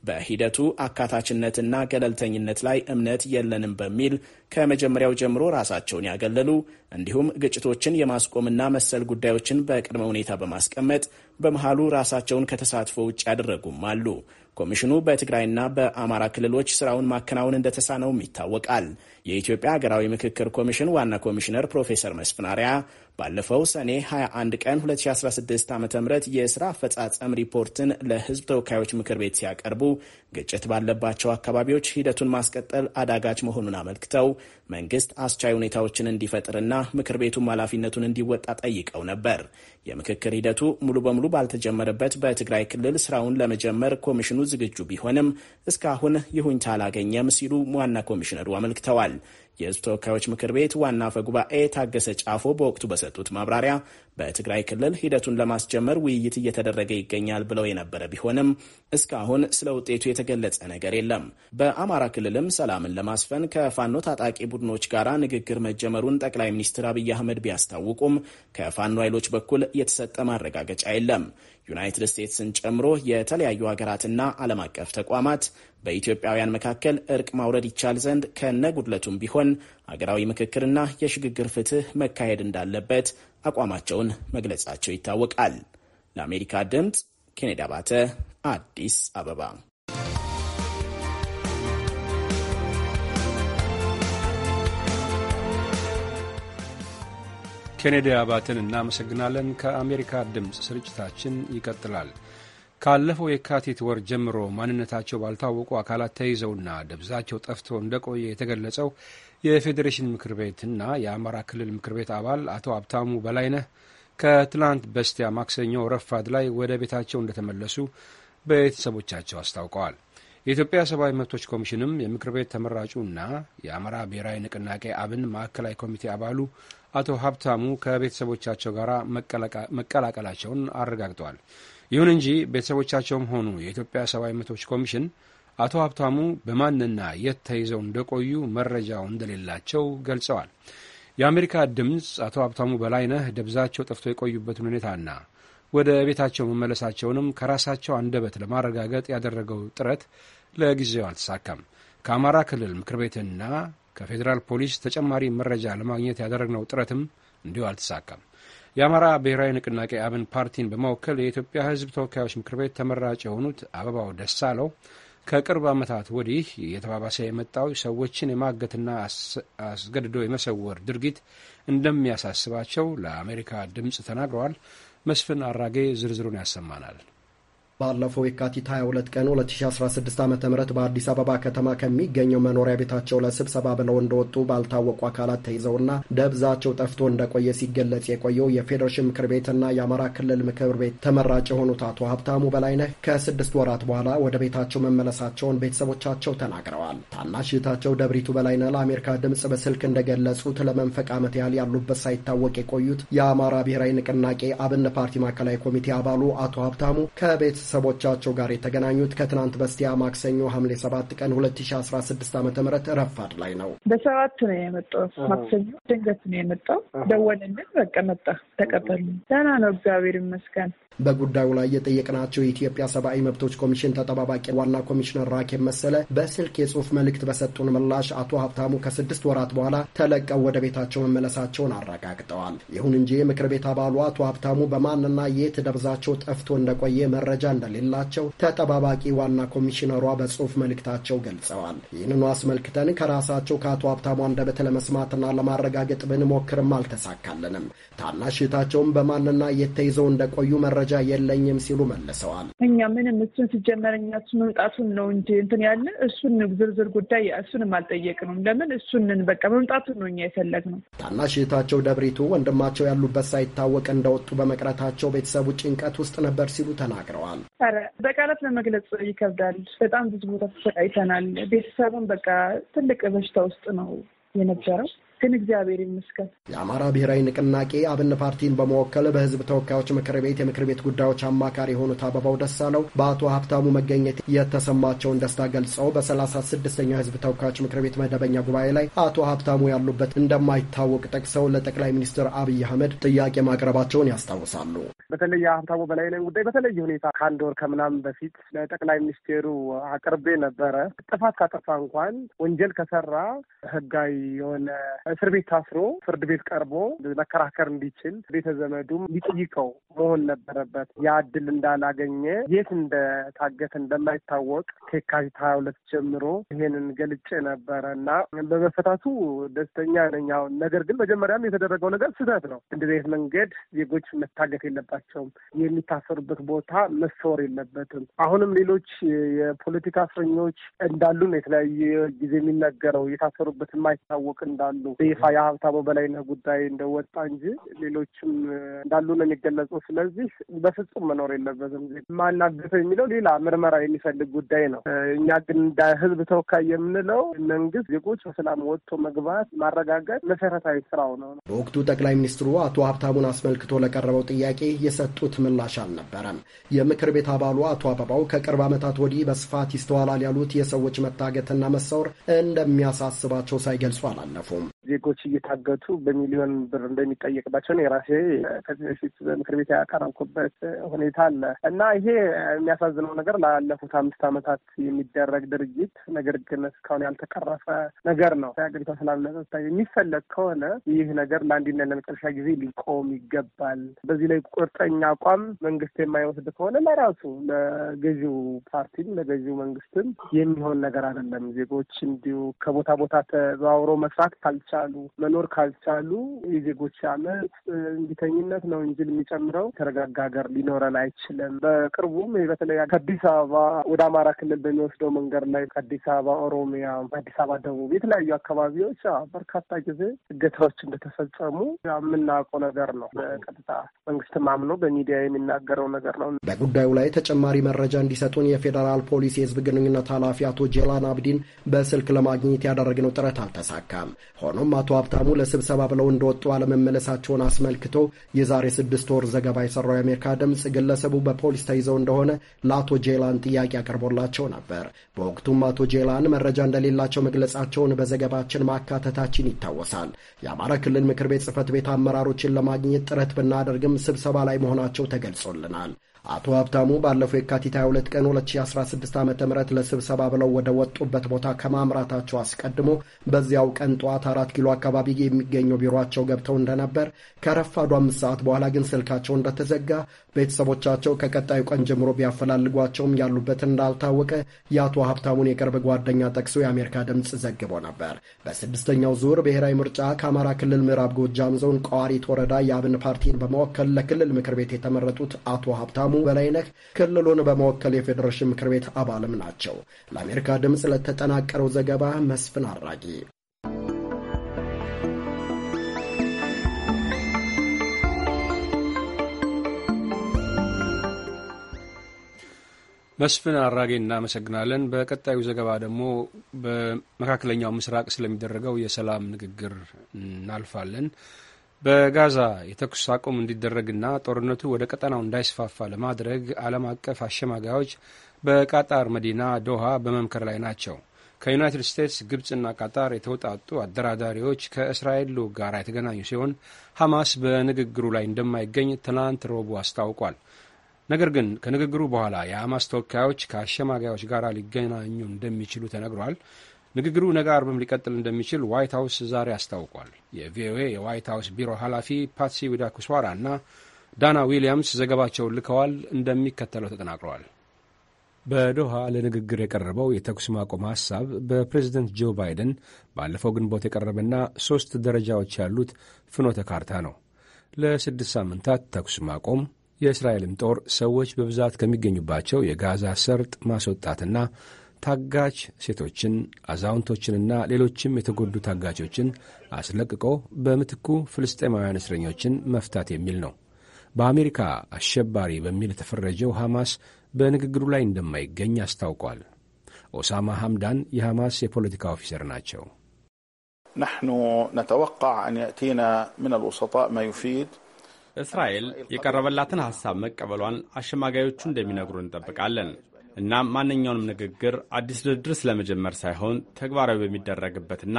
በሂደቱ አካታችነትና ገለልተኝነት ላይ እምነት የለንም በሚል ከመጀመሪያው ጀምሮ ራሳቸውን ያገለሉ እንዲሁም ግጭቶችን የማስቆምና መሰል ጉዳዮችን በቅድመ ሁኔታ በማስቀመጥ በመሃሉ ራሳቸውን ከተሳትፎ ውጭ ያደረጉም አሉ። ኮሚሽኑ በትግራይና በአማራ ክልሎች ስራውን ማከናወን እንደተሳነውም ይታወቃል። የኢትዮጵያ ሀገራዊ ምክክር ኮሚሽን ዋና ኮሚሽነር ፕሮፌሰር መስፍን አርአያ ባለፈው ሰኔ 21 ቀን 2016 ዓ ም የስራ አፈጻጸም ሪፖርትን ለህዝብ ተወካዮች ምክር ቤት ሲያቀርቡ ግጭት ባለባቸው አካባቢዎች ሂደቱን ማስቀጠል አዳጋች መሆኑን አመልክተው መንግስት አስቻይ ሁኔታዎችን እንዲፈጥርና ምክር ቤቱም ኃላፊነቱን እንዲወጣ ጠይቀው ነበር። የምክክር ሂደቱ ሙሉ በሙሉ ባልተጀመረበት በትግራይ ክልል ስራውን ለመጀመር ኮሚሽኑ ዝግጁ ቢሆንም እስካሁን ይሁኝታ አላገኘም ሲሉ ዋና ኮሚሽነሩ አመልክተዋል። የህዝብ ተወካዮች ምክር ቤት ዋና አፈ ጉባኤ ታገሰ ጫፎ በወቅቱ በሰጡት ማብራሪያ በትግራይ ክልል ሂደቱን ለማስጀመር ውይይት እየተደረገ ይገኛል ብለው የነበረ ቢሆንም እስካሁን ስለ ውጤቱ የተገለጸ ነገር የለም። በአማራ ክልልም ሰላምን ለማስፈን ከፋኖ ታጣቂ ቡድኖች ጋር ንግግር መጀመሩን ጠቅላይ ሚኒስትር አብይ አህመድ ቢያስታውቁም ከፋኖ ኃይሎች በኩል የተሰጠ ማረጋገጫ የለም። ዩናይትድ ስቴትስን ጨምሮ የተለያዩ ሀገራትና ዓለም አቀፍ ተቋማት በኢትዮጵያውያን መካከል እርቅ ማውረድ ይቻል ዘንድ ከነጉድለቱም ቢሆን ሀገራዊ ምክክርና የሽግግር ፍትህ መካሄድ እንዳለበት አቋማቸውን መግለጻቸው ይታወቃል። ለአሜሪካ ድምፅ ኬኔዲ አባተ አዲስ አበባ ኬኔዲ አባትን እናመሰግናለን። ከአሜሪካ ድምፅ ስርጭታችን ይቀጥላል። ካለፈው የካቲት ወር ጀምሮ ማንነታቸው ባልታወቁ አካላት ተይዘውና ደብዛቸው ጠፍቶ እንደቆየ የተገለጸው የፌዴሬሽን ምክር ቤትና የአማራ ክልል ምክር ቤት አባል አቶ ሀብታሙ በላይነህ ከትላንት በስቲያ ማክሰኞ ረፋድ ላይ ወደ ቤታቸው እንደተመለሱ ቤተሰቦቻቸው አስታውቀዋል። የኢትዮጵያ ሰብአዊ መብቶች ኮሚሽንም የምክር ቤት ተመራጩና የአማራ ብሔራዊ ንቅናቄ አብን ማዕከላዊ ኮሚቴ አባሉ አቶ ሀብታሙ ከቤተሰቦቻቸው ጋር መቀላቀላቸውን አረጋግጠዋል። ይሁን እንጂ ቤተሰቦቻቸውም ሆኑ የኢትዮጵያ ሰብአዊ መብቶች ኮሚሽን አቶ ሀብታሙ በማንና የት ተይዘው እንደቆዩ መረጃው እንደሌላቸው ገልጸዋል። የአሜሪካ ድምፅ አቶ ሀብታሙ በላይነህ ደብዛቸው ጠፍቶ የቆዩበትን ሁኔታና ወደ ቤታቸው መመለሳቸውንም ከራሳቸው አንደበት ለማረጋገጥ ያደረገው ጥረት ለጊዜው አልተሳካም። ከአማራ ክልል ምክር ቤትና ከፌዴራል ፖሊስ ተጨማሪ መረጃ ለማግኘት ያደረግነው ጥረትም እንዲሁ አልተሳካም። የአማራ ብሔራዊ ንቅናቄ አብን ፓርቲን በመወከል የኢትዮጵያ ሕዝብ ተወካዮች ምክር ቤት ተመራጭ የሆኑት አበባው ደሳለው ከቅርብ ዓመታት ወዲህ እየተባባሰ የመጣው ሰዎችን የማገትና አስገድዶ የመሰወር ድርጊት እንደሚያሳስባቸው ለአሜሪካ ድምፅ ተናግረዋል። መስፍን አራጌ ዝርዝሩን ያሰማናል። ባለፈው የካቲት 22 ቀን 2016 ዓ ም በአዲስ አበባ ከተማ ከሚገኘው መኖሪያ ቤታቸው ለስብሰባ ብለው እንደወጡ ባልታወቁ አካላት ተይዘውና ደብዛቸው ጠፍቶ እንደቆየ ሲገለጽ የቆየው የፌዴሬሽን ምክር ቤትና የአማራ ክልል ምክር ቤት ተመራጭ የሆኑት አቶ ሀብታሙ በላይነህ ከስድስት ወራት በኋላ ወደ ቤታቸው መመለሳቸውን ቤተሰቦቻቸው ተናግረዋል። ታናሽ እህታቸው ደብሪቱ በላይነህ ለአሜሪካ ድምፅ በስልክ እንደገለጹት ለመንፈቅ ዓመት ያህል ያሉበት ሳይታወቅ የቆዩት የአማራ ብሔራዊ ንቅናቄ አብን ፓርቲ ማዕከላዊ ኮሚቴ አባሉ አቶ ሀብታሙ ከቤት ከቤተሰቦቻቸው ጋር የተገናኙት ከትናንት በስቲያ ማክሰኞ ሐምሌ ሰባት ቀን ሁለት ሺ አስራ ስድስት ዓመተ ምህረት ረፋድ ላይ ነው። በሰባት ነው የመጣው። ማክሰኞ ድንገት ነው የመጣው። ደወለልን፣ በቃ መጣ፣ ተቀበሉ። ደህና ነው፣ እግዚአብሔር ይመስገን። በጉዳዩ ላይ የጠየቅናቸው የኢትዮጵያ ሰብአዊ መብቶች ኮሚሽን ተጠባባቂ ዋና ኮሚሽነር ራኬብ መሰለ በስልክ የጽሁፍ መልእክት በሰጡን ምላሽ አቶ ሀብታሙ ከስድስት ወራት በኋላ ተለቀው ወደ ቤታቸው መመለሳቸውን አረጋግጠዋል። ይሁን እንጂ የምክር ቤት አባሉ አቶ ሀብታሙ በማንና የት ደብዛቸው ጠፍቶ እንደቆየ መረጃ እንደሌላቸው ተጠባባቂ ዋና ኮሚሽነሯ በጽሁፍ መልእክታቸው ገልጸዋል። ይህንኑ አስመልክተን ከራሳቸው ከአቶ ሀብታሙ አንደበት ለመስማትና ለማረጋገጥ ብንሞክርም አልተሳካልንም። ታናሽታቸውም በማንና የት ተይዘው እንደቆዩ መረጃ መረጃ የለኝም ሲሉ መልሰዋል። እኛ ምንም እሱን ሲጀመር እኛ እሱ መምጣቱን ነው እንጂ እንትን ያለ እሱን ዝርዝር ጉዳይ እሱንም አልጠየቅንም። ለምን እሱንን በቃ መምጣቱን ነው እኛ የፈለግነው። ታናሽ እህታቸው ደብሪቱ ወንድማቸው ያሉበት ሳይታወቅ እንደወጡ በመቅረታቸው ቤተሰቡ ጭንቀት ውስጥ ነበር ሲሉ ተናግረዋል። ኧረ በቃላት ለመግለጽ ይከብዳል። በጣም ብዙ ቦታ ተሰቃይተናል። ቤተሰቡን በቃ ትልቅ በሽታ ውስጥ ነው የነበረው ግን እግዚአብሔር ይመስገን የአማራ ብሔራዊ ንቅናቄ አብን ፓርቲን በመወከል በህዝብ ተወካዮች ምክር ቤት የምክር ቤት ጉዳዮች አማካሪ የሆኑት አበባው ደሳለው በአቶ ሀብታሙ መገኘት የተሰማቸውን ደስታ ገልጸው በሰላሳ ስድስተኛው የህዝብ ተወካዮች ምክር ቤት መደበኛ ጉባኤ ላይ አቶ ሀብታሙ ያሉበት እንደማይታወቅ ጠቅሰው ለጠቅላይ ሚኒስትር አብይ አህመድ ጥያቄ ማቅረባቸውን ያስታውሳሉ። በተለይ በላይ ላይ ጉዳይ በተለየ ሁኔታ ከአንድ ወር ከምናምን በፊት ለጠቅላይ ሚኒስቴሩ አቅርቤ ነበረ። ጥፋት ካጠፋ እንኳን ወንጀል ከሰራ ህጋዊ የሆነ እስር ቤት ታስሮ ፍርድ ቤት ቀርቦ መከራከር እንዲችል ቤተ ዘመዱም ሊጠይቀው መሆን ነበረበት። ያ እድል እንዳላገኘ የት እንደታገተ እንደማይታወቅ ከየካቲት ሀያ ሁለት ጀምሮ ይሄንን ገልጬ ነበረ እና በመፈታቱ ደስተኛ ነኝ። ነገር ግን መጀመሪያም የተደረገው ነገር ስህተት ነው። እንደዚህ አይነት መንገድ ዜጎች መታገት የለባቸውም። የሚታሰሩበት ቦታ መሰወር የለበትም። አሁንም ሌሎች የፖለቲካ እስረኞች እንዳሉ ነው የተለያየ ጊዜ የሚነገረው የታሰሩበት የማይታወቅ እንዳሉ በይፋ የሀብታሙ በላይነህ ጉዳይ እንደወጣ እንጂ ሌሎችም እንዳሉ ነው የሚገለጹ። ስለዚህ በፍጹም መኖር የለበትም። ማናገተው የሚለው ሌላ ምርመራ የሚፈልግ ጉዳይ ነው። እኛ ግን እንደ ህዝብ ተወካይ የምንለው መንግስት ዜጎች በሰላም ወጥቶ መግባት ማረጋገጥ መሰረታዊ ስራው ነው። በወቅቱ ጠቅላይ ሚኒስትሩ አቶ ሀብታሙን አስመልክቶ ለቀረበው ጥያቄ የሰጡት ምላሽ አልነበረም። የምክር ቤት አባሉ አቶ አበባው ከቅርብ ዓመታት ወዲህ በስፋት ይስተዋላል ያሉት የሰዎች መታገትና መሰወር እንደሚያሳስባቸው ሳይገልጹ አላለፉም። ዜጎች እየታገቱ በሚሊዮን ብር እንደሚጠየቅባቸው ነው የራሴ ከዚህ በፊት በምክር ቤት ያቀረብኩበት ሁኔታ አለ እና ይሄ የሚያሳዝነው ነገር ላለፉት አምስት ዓመታት የሚደረግ ድርጊት ነገር ግን እስካሁን ያልተቀረፈ ነገር ነው። ሀገሪቷ ስላለጸ የሚፈለግ ከሆነ ይህ ነገር ለአንድና ለመጨረሻ ጊዜ ሊቆም ይገባል። በዚህ ላይ ቁርጠኛ አቋም መንግስት የማይወስድ ከሆነ ለራሱ ለገዢው ፓርቲም ለገዢው መንግስትም የሚሆን ነገር አይደለም። ዜጎች እንዲሁ ከቦታ ቦታ ተዘዋውሮ መስራት ካል ካልቻሉ መኖር ካልቻሉ የዜጎች አመፅ እንቢተኝነት ነው እንጂ የሚጨምረው የተረጋጋ ሀገር ሊኖረን አይችልም። በቅርቡም በተለይ ከአዲስ አበባ ወደ አማራ ክልል በሚወስደው መንገድ ላይ ከአዲስ አበባ ኦሮሚያ፣ አዲስ አበባ ደቡብ የተለያዩ አካባቢዎች በርካታ ጊዜ እገታዎች እንደተፈጸሙ የምናውቀው ነገር ነው። በቀጥታ መንግስትም አምኖ በሚዲያ የሚናገረው ነገር ነው። በጉዳዩ ላይ ተጨማሪ መረጃ እንዲሰጡን የፌዴራል ፖሊስ የህዝብ ግንኙነት ኃላፊ አቶ ጄላን አብዲን በስልክ ለማግኘት ያደረግነው ጥረት አልተሳካም ሆኖ ሆኖም አቶ ሀብታሙ ለስብሰባ ብለው እንደወጡ አለመመለሳቸውን አስመልክቶ የዛሬ ስድስት ወር ዘገባ የሰራው የአሜሪካ ድምፅ ግለሰቡ በፖሊስ ተይዘው እንደሆነ ለአቶ ጄላን ጥያቄ አቅርቦላቸው ነበር። በወቅቱም አቶ ጄላን መረጃ እንደሌላቸው መግለጻቸውን በዘገባችን ማካተታችን ይታወሳል። የአማራ ክልል ምክር ቤት ጽህፈት ቤት አመራሮችን ለማግኘት ጥረት ብናደርግም ስብሰባ ላይ መሆናቸው ተገልጾልናል። አቶ ሀብታሙ ባለፈው የካቲት 22 ቀን 2016 ዓ ም ለስብሰባ ብለው ወደ ወጡበት ቦታ ከማምራታቸው አስቀድሞ በዚያው ቀን ጠዋት አራት ኪሎ አካባቢ የሚገኘው ቢሮቸው ገብተው እንደነበር፣ ከረፋዱ አምስት ሰዓት በኋላ ግን ስልካቸው እንደተዘጋ፣ ቤተሰቦቻቸው ከቀጣዩ ቀን ጀምሮ ቢያፈላልጓቸውም ያሉበት እንዳልታወቀ የአቶ ሀብታሙን የቅርብ ጓደኛ ጠቅሶ የአሜሪካ ድምፅ ዘግቦ ነበር። በስድስተኛው ዙር ብሔራዊ ምርጫ ከአማራ ክልል ምዕራብ ጎጃም ዞን ቀዋሪት ወረዳ የአብን ፓርቲን በመወከል ለክልል ምክር ቤት የተመረጡት አቶ ሀብታሙ ሀብታሙ በላይነህ ክልሉን በመወከል የፌዴሬሽን ምክር ቤት አባልም ናቸው። ለአሜሪካ ድምፅ ለተጠናቀረው ዘገባ መስፍን አራጊ መስፍን አራጌ እናመሰግናለን። በቀጣዩ ዘገባ ደግሞ በመካከለኛው ምስራቅ ስለሚደረገው የሰላም ንግግር እናልፋለን። በጋዛ የተኩስ አቁም እንዲደረግና ጦርነቱ ወደ ቀጠናው እንዳይስፋፋ ለማድረግ ዓለም አቀፍ አሸማጋዮች በቃጣር መዲና ዶሃ በመምከር ላይ ናቸው። ከዩናይትድ ስቴትስ ግብፅና ቃጣር የተውጣጡ አደራዳሪዎች ከእስራኤሉ ጋር የተገናኙ ሲሆን ሐማስ በንግግሩ ላይ እንደማይገኝ ትናንት ረቡዕ አስታውቋል። ነገር ግን ከንግግሩ በኋላ የሐማስ ተወካዮች ከአሸማጋዮች ጋር ሊገናኙ እንደሚችሉ ተነግሯል። ንግግሩ ነገ አርብም ሊቀጥል እንደሚችል ዋይት ሀውስ ዛሬ አስታውቋል። የቪኦኤ የዋይት ሀውስ ቢሮ ኃላፊ ፓትሲ ዊዳኩስዋራ እና ዳና ዊሊያምስ ዘገባቸውን ልከዋል፣ እንደሚከተለው ተጠናቅረዋል። በዶሃ ለንግግር የቀረበው የተኩስ ማቆም ሐሳብ በፕሬዝደንት ጆ ባይደን ባለፈው ግንቦት የቀረበና ሦስት ደረጃዎች ያሉት ፍኖተ ካርታ ነው። ለስድስት ሳምንታት ተኩስ ማቆም፣ የእስራኤልም ጦር ሰዎች በብዛት ከሚገኙባቸው የጋዛ ሰርጥ ማስወጣትና ታጋች ሴቶችን፣ አዛውንቶችንና ሌሎችም የተጎዱ ታጋቾችን አስለቅቆ በምትኩ ፍልስጤማውያን እስረኞችን መፍታት የሚል ነው። በአሜሪካ አሸባሪ በሚል የተፈረጀው ሐማስ በንግግሩ ላይ እንደማይገኝ አስታውቋል። ኦሳማ ሐምዳን የሐማስ የፖለቲካ ኦፊሰር ናቸው። ናሕኑ ነተወቃዕ አን የእቲና ምን አልውሰጣ ማ ዩፊድ እስራኤል የቀረበላትን ሐሳብ መቀበሏን አሸማጋዮቹ እንደሚነግሩ እንጠብቃለን። እናም ማንኛውንም ንግግር አዲስ ድርድር ስለመጀመር ሳይሆን ተግባራዊ በሚደረግበትና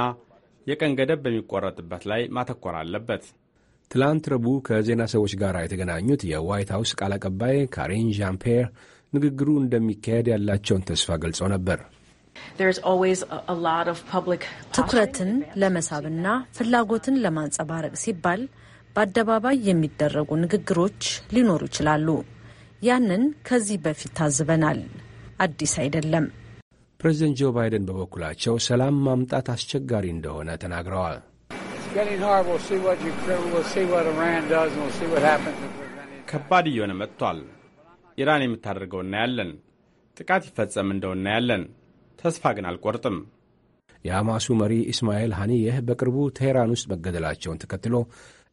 የቀን ገደብ በሚቆረጥበት ላይ ማተኮር አለበት። ትላንት ረቡዕ ከዜና ሰዎች ጋር የተገናኙት የዋይት ሀውስ ቃል አቀባይ ካሪን ዣምፔር ንግግሩ እንደሚካሄድ ያላቸውን ተስፋ ገልጸው ነበር። ትኩረትን ለመሳብና ፍላጎትን ለማንጸባረቅ ሲባል በአደባባይ የሚደረጉ ንግግሮች ሊኖሩ ይችላሉ። ያንን ከዚህ በፊት ታዝበናል። አዲስ አይደለም። ፕሬዚደንት ጆ ባይደን በበኩላቸው ሰላም ማምጣት አስቸጋሪ እንደሆነ ተናግረዋል። ከባድ እየሆነ መጥቷል። ኢራን የምታደርገው እናያለን። ጥቃት ይፈጸም እንደው እናያለን። ተስፋ ግን አልቆርጥም። የሐማሱ መሪ እስማኤል ሐኒየህ በቅርቡ ቴህራን ውስጥ መገደላቸውን ተከትሎ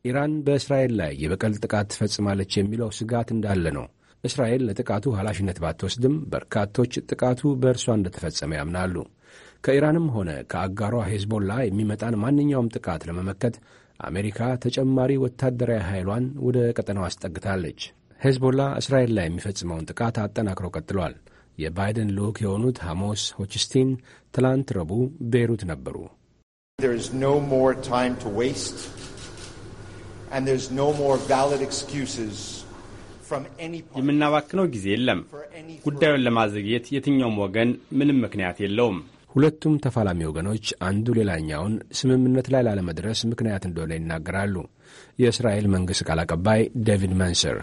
ኢራን በእስራኤል ላይ የበቀል ጥቃት ትፈጽማለች የሚለው ስጋት እንዳለ ነው እስራኤል ለጥቃቱ ኃላፊነት ባትወስድም በርካቶች ጥቃቱ በእርሷ እንደተፈጸመ ያምናሉ። ከኢራንም ሆነ ከአጋሯ ሄዝቦላ የሚመጣን ማንኛውም ጥቃት ለመመከት አሜሪካ ተጨማሪ ወታደራዊ ኃይሏን ወደ ቀጠናው አስጠግታለች። ሄዝቦላ እስራኤል ላይ የሚፈጽመውን ጥቃት አጠናክሮ ቀጥሏል። የባይደን ልዑክ የሆኑት ሐሞስ ሆችስቲን ትላንት ረቡዕ ቤይሩት ነበሩ። There is no more valid excuses የምናባክነው ጊዜ የለም። ጉዳዩን ለማዘግየት የትኛውም ወገን ምንም ምክንያት የለውም። ሁለቱም ተፋላሚ ወገኖች አንዱ ሌላኛውን ስምምነት ላይ ላለመድረስ ምክንያት እንደሆነ ይናገራሉ። የእስራኤል መንግሥት ቃል አቀባይ ዴቪድ መንስር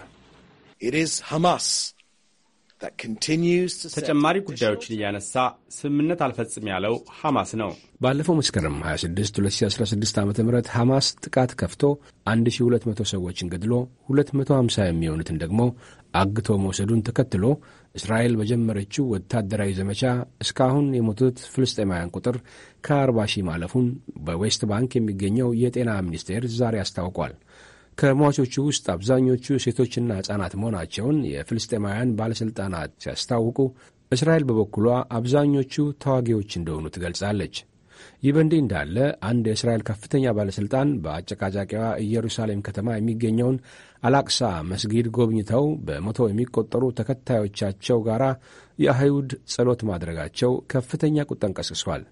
ሐማስ ተጨማሪ ጉዳዮችን እያነሳ ስምምነት አልፈጽም ያለው ሐማስ ነው። ባለፈው መስከረም 26 2016 ዓ ም ሐማስ ጥቃት ከፍቶ 1200 ሰዎችን ገድሎ 250 የሚሆኑትን ደግሞ አግቶ መውሰዱን ተከትሎ እስራኤል በጀመረችው ወታደራዊ ዘመቻ እስካሁን የሞቱት ፍልስጤማውያን ቁጥር ከ40 ሺህ ማለፉን በዌስት ባንክ የሚገኘው የጤና ሚኒስቴር ዛሬ አስታውቋል። ከሟቾቹ ውስጥ አብዛኞቹ ሴቶችና ሕፃናት መሆናቸውን የፍልስጤማውያን ባለሥልጣናት ሲያስታውቁ፣ እስራኤል በበኩሏ አብዛኞቹ ተዋጊዎች እንደሆኑ ትገልጻለች። ይህ በእንዲህ እንዳለ አንድ የእስራኤል ከፍተኛ ባለሥልጣን በአጨቃጫቂዋ ኢየሩሳሌም ከተማ የሚገኘውን አላቅሳ መስጊድ ጎብኝተው በመቶ የሚቆጠሩ ተከታዮቻቸው ጋር የአይሁድ ጸሎት ማድረጋቸው ከፍተኛ ቁጣን ቀስቅሷል።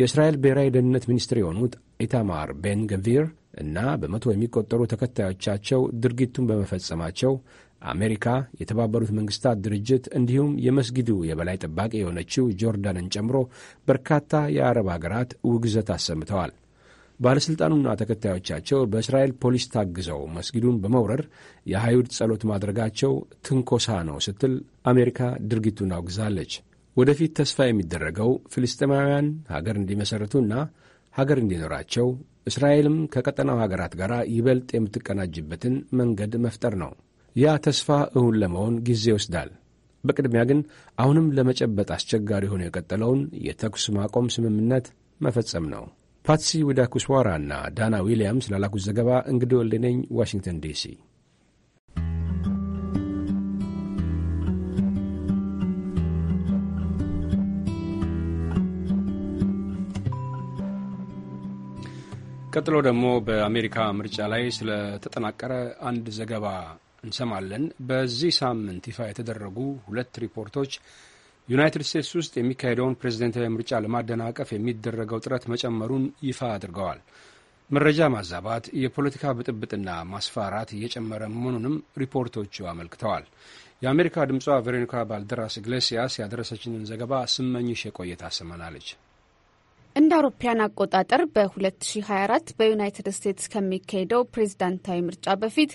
የእስራኤል ብሔራዊ ደህንነት ሚኒስትር የሆኑት ኢታማር ቤን ገቪር እና በመቶ የሚቆጠሩ ተከታዮቻቸው ድርጊቱን በመፈጸማቸው አሜሪካ፣ የተባበሩት መንግስታት ድርጅት እንዲሁም የመስጊዱ የበላይ ጠባቂ የሆነችው ጆርዳንን ጨምሮ በርካታ የአረብ አገራት ውግዘት አሰምተዋል። ባለሥልጣኑና ተከታዮቻቸው በእስራኤል ፖሊስ ታግዘው መስጊዱን በመውረር የአይሁድ ጸሎት ማድረጋቸው ትንኮሳ ነው ስትል አሜሪካ ድርጊቱን አውግዛለች። ወደፊት ተስፋ የሚደረገው ፍልስጤማውያን ሀገር እንዲመሠረቱና ሀገር እንዲኖራቸው እስራኤልም ከቀጠናው ሀገራት ጋር ይበልጥ የምትቀናጅበትን መንገድ መፍጠር ነው። ያ ተስፋ እውን ለመሆን ጊዜ ይወስዳል። በቅድሚያ ግን አሁንም ለመጨበጥ አስቸጋሪ ሆኖ የቀጠለውን የተኩስ ማቆም ስምምነት መፈጸም ነው። ፓትሲ ዊዳኩስዋራ እና ዳና ዊልያምስ ላላኩት ዘገባ እንግዲህ ወልደነኝ ዋሽንግተን ዲሲ ቀጥሎ ደግሞ በአሜሪካ ምርጫ ላይ ስለተጠናቀረ አንድ ዘገባ እንሰማለን። በዚህ ሳምንት ይፋ የተደረጉ ሁለት ሪፖርቶች ዩናይትድ ስቴትስ ውስጥ የሚካሄደውን ፕሬዝደንታዊ ምርጫ ለማደናቀፍ የሚደረገው ጥረት መጨመሩን ይፋ አድርገዋል። መረጃ ማዛባት፣ የፖለቲካ ብጥብጥና ማስፈራራት እየጨመረ መሆኑንም ሪፖርቶቹ አመልክተዋል። የአሜሪካ ድምጿ ቬሮኒካ ባልደራስ ግሌሲያስ ያደረሰችንን ዘገባ ስመኝሽ የቆየት አሰመናለች። እንደ አውሮፓያን አቆጣጠር በ2024 በዩናይትድ ስቴትስ ከሚካሄደው ፕሬዝዳንታዊ ምርጫ በፊት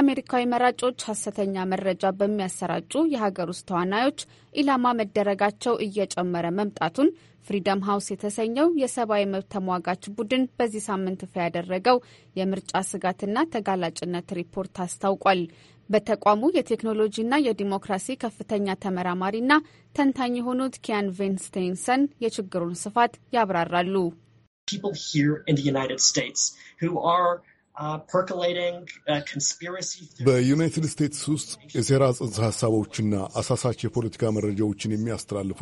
አሜሪካዊ መራጮች ሀሰተኛ መረጃ በሚያሰራጩ የሀገር ውስጥ ተዋናዮች ኢላማ መደረጋቸው እየጨመረ መምጣቱን ፍሪደም ሀውስ የተሰኘው የሰብአዊ መብት ተሟጋች ቡድን በዚህ ሳምንት ይፋ ያደረገው የምርጫ ስጋትና ተጋላጭነት ሪፖርት አስታውቋል። በተቋሙ የቴክኖሎጂና የዲሞክራሲ ከፍተኛ ተመራማሪና ተንታኝ የሆኑት ኪያን ቬንስቴንሰን የችግሩን ስፋት ያብራራሉ። uh, uh, በዩናይትድ ስቴትስ ውስጥ የሴራ ጽንሰ ሐሳቦችና አሳሳች የፖለቲካ መረጃዎችን የሚያስተላልፉ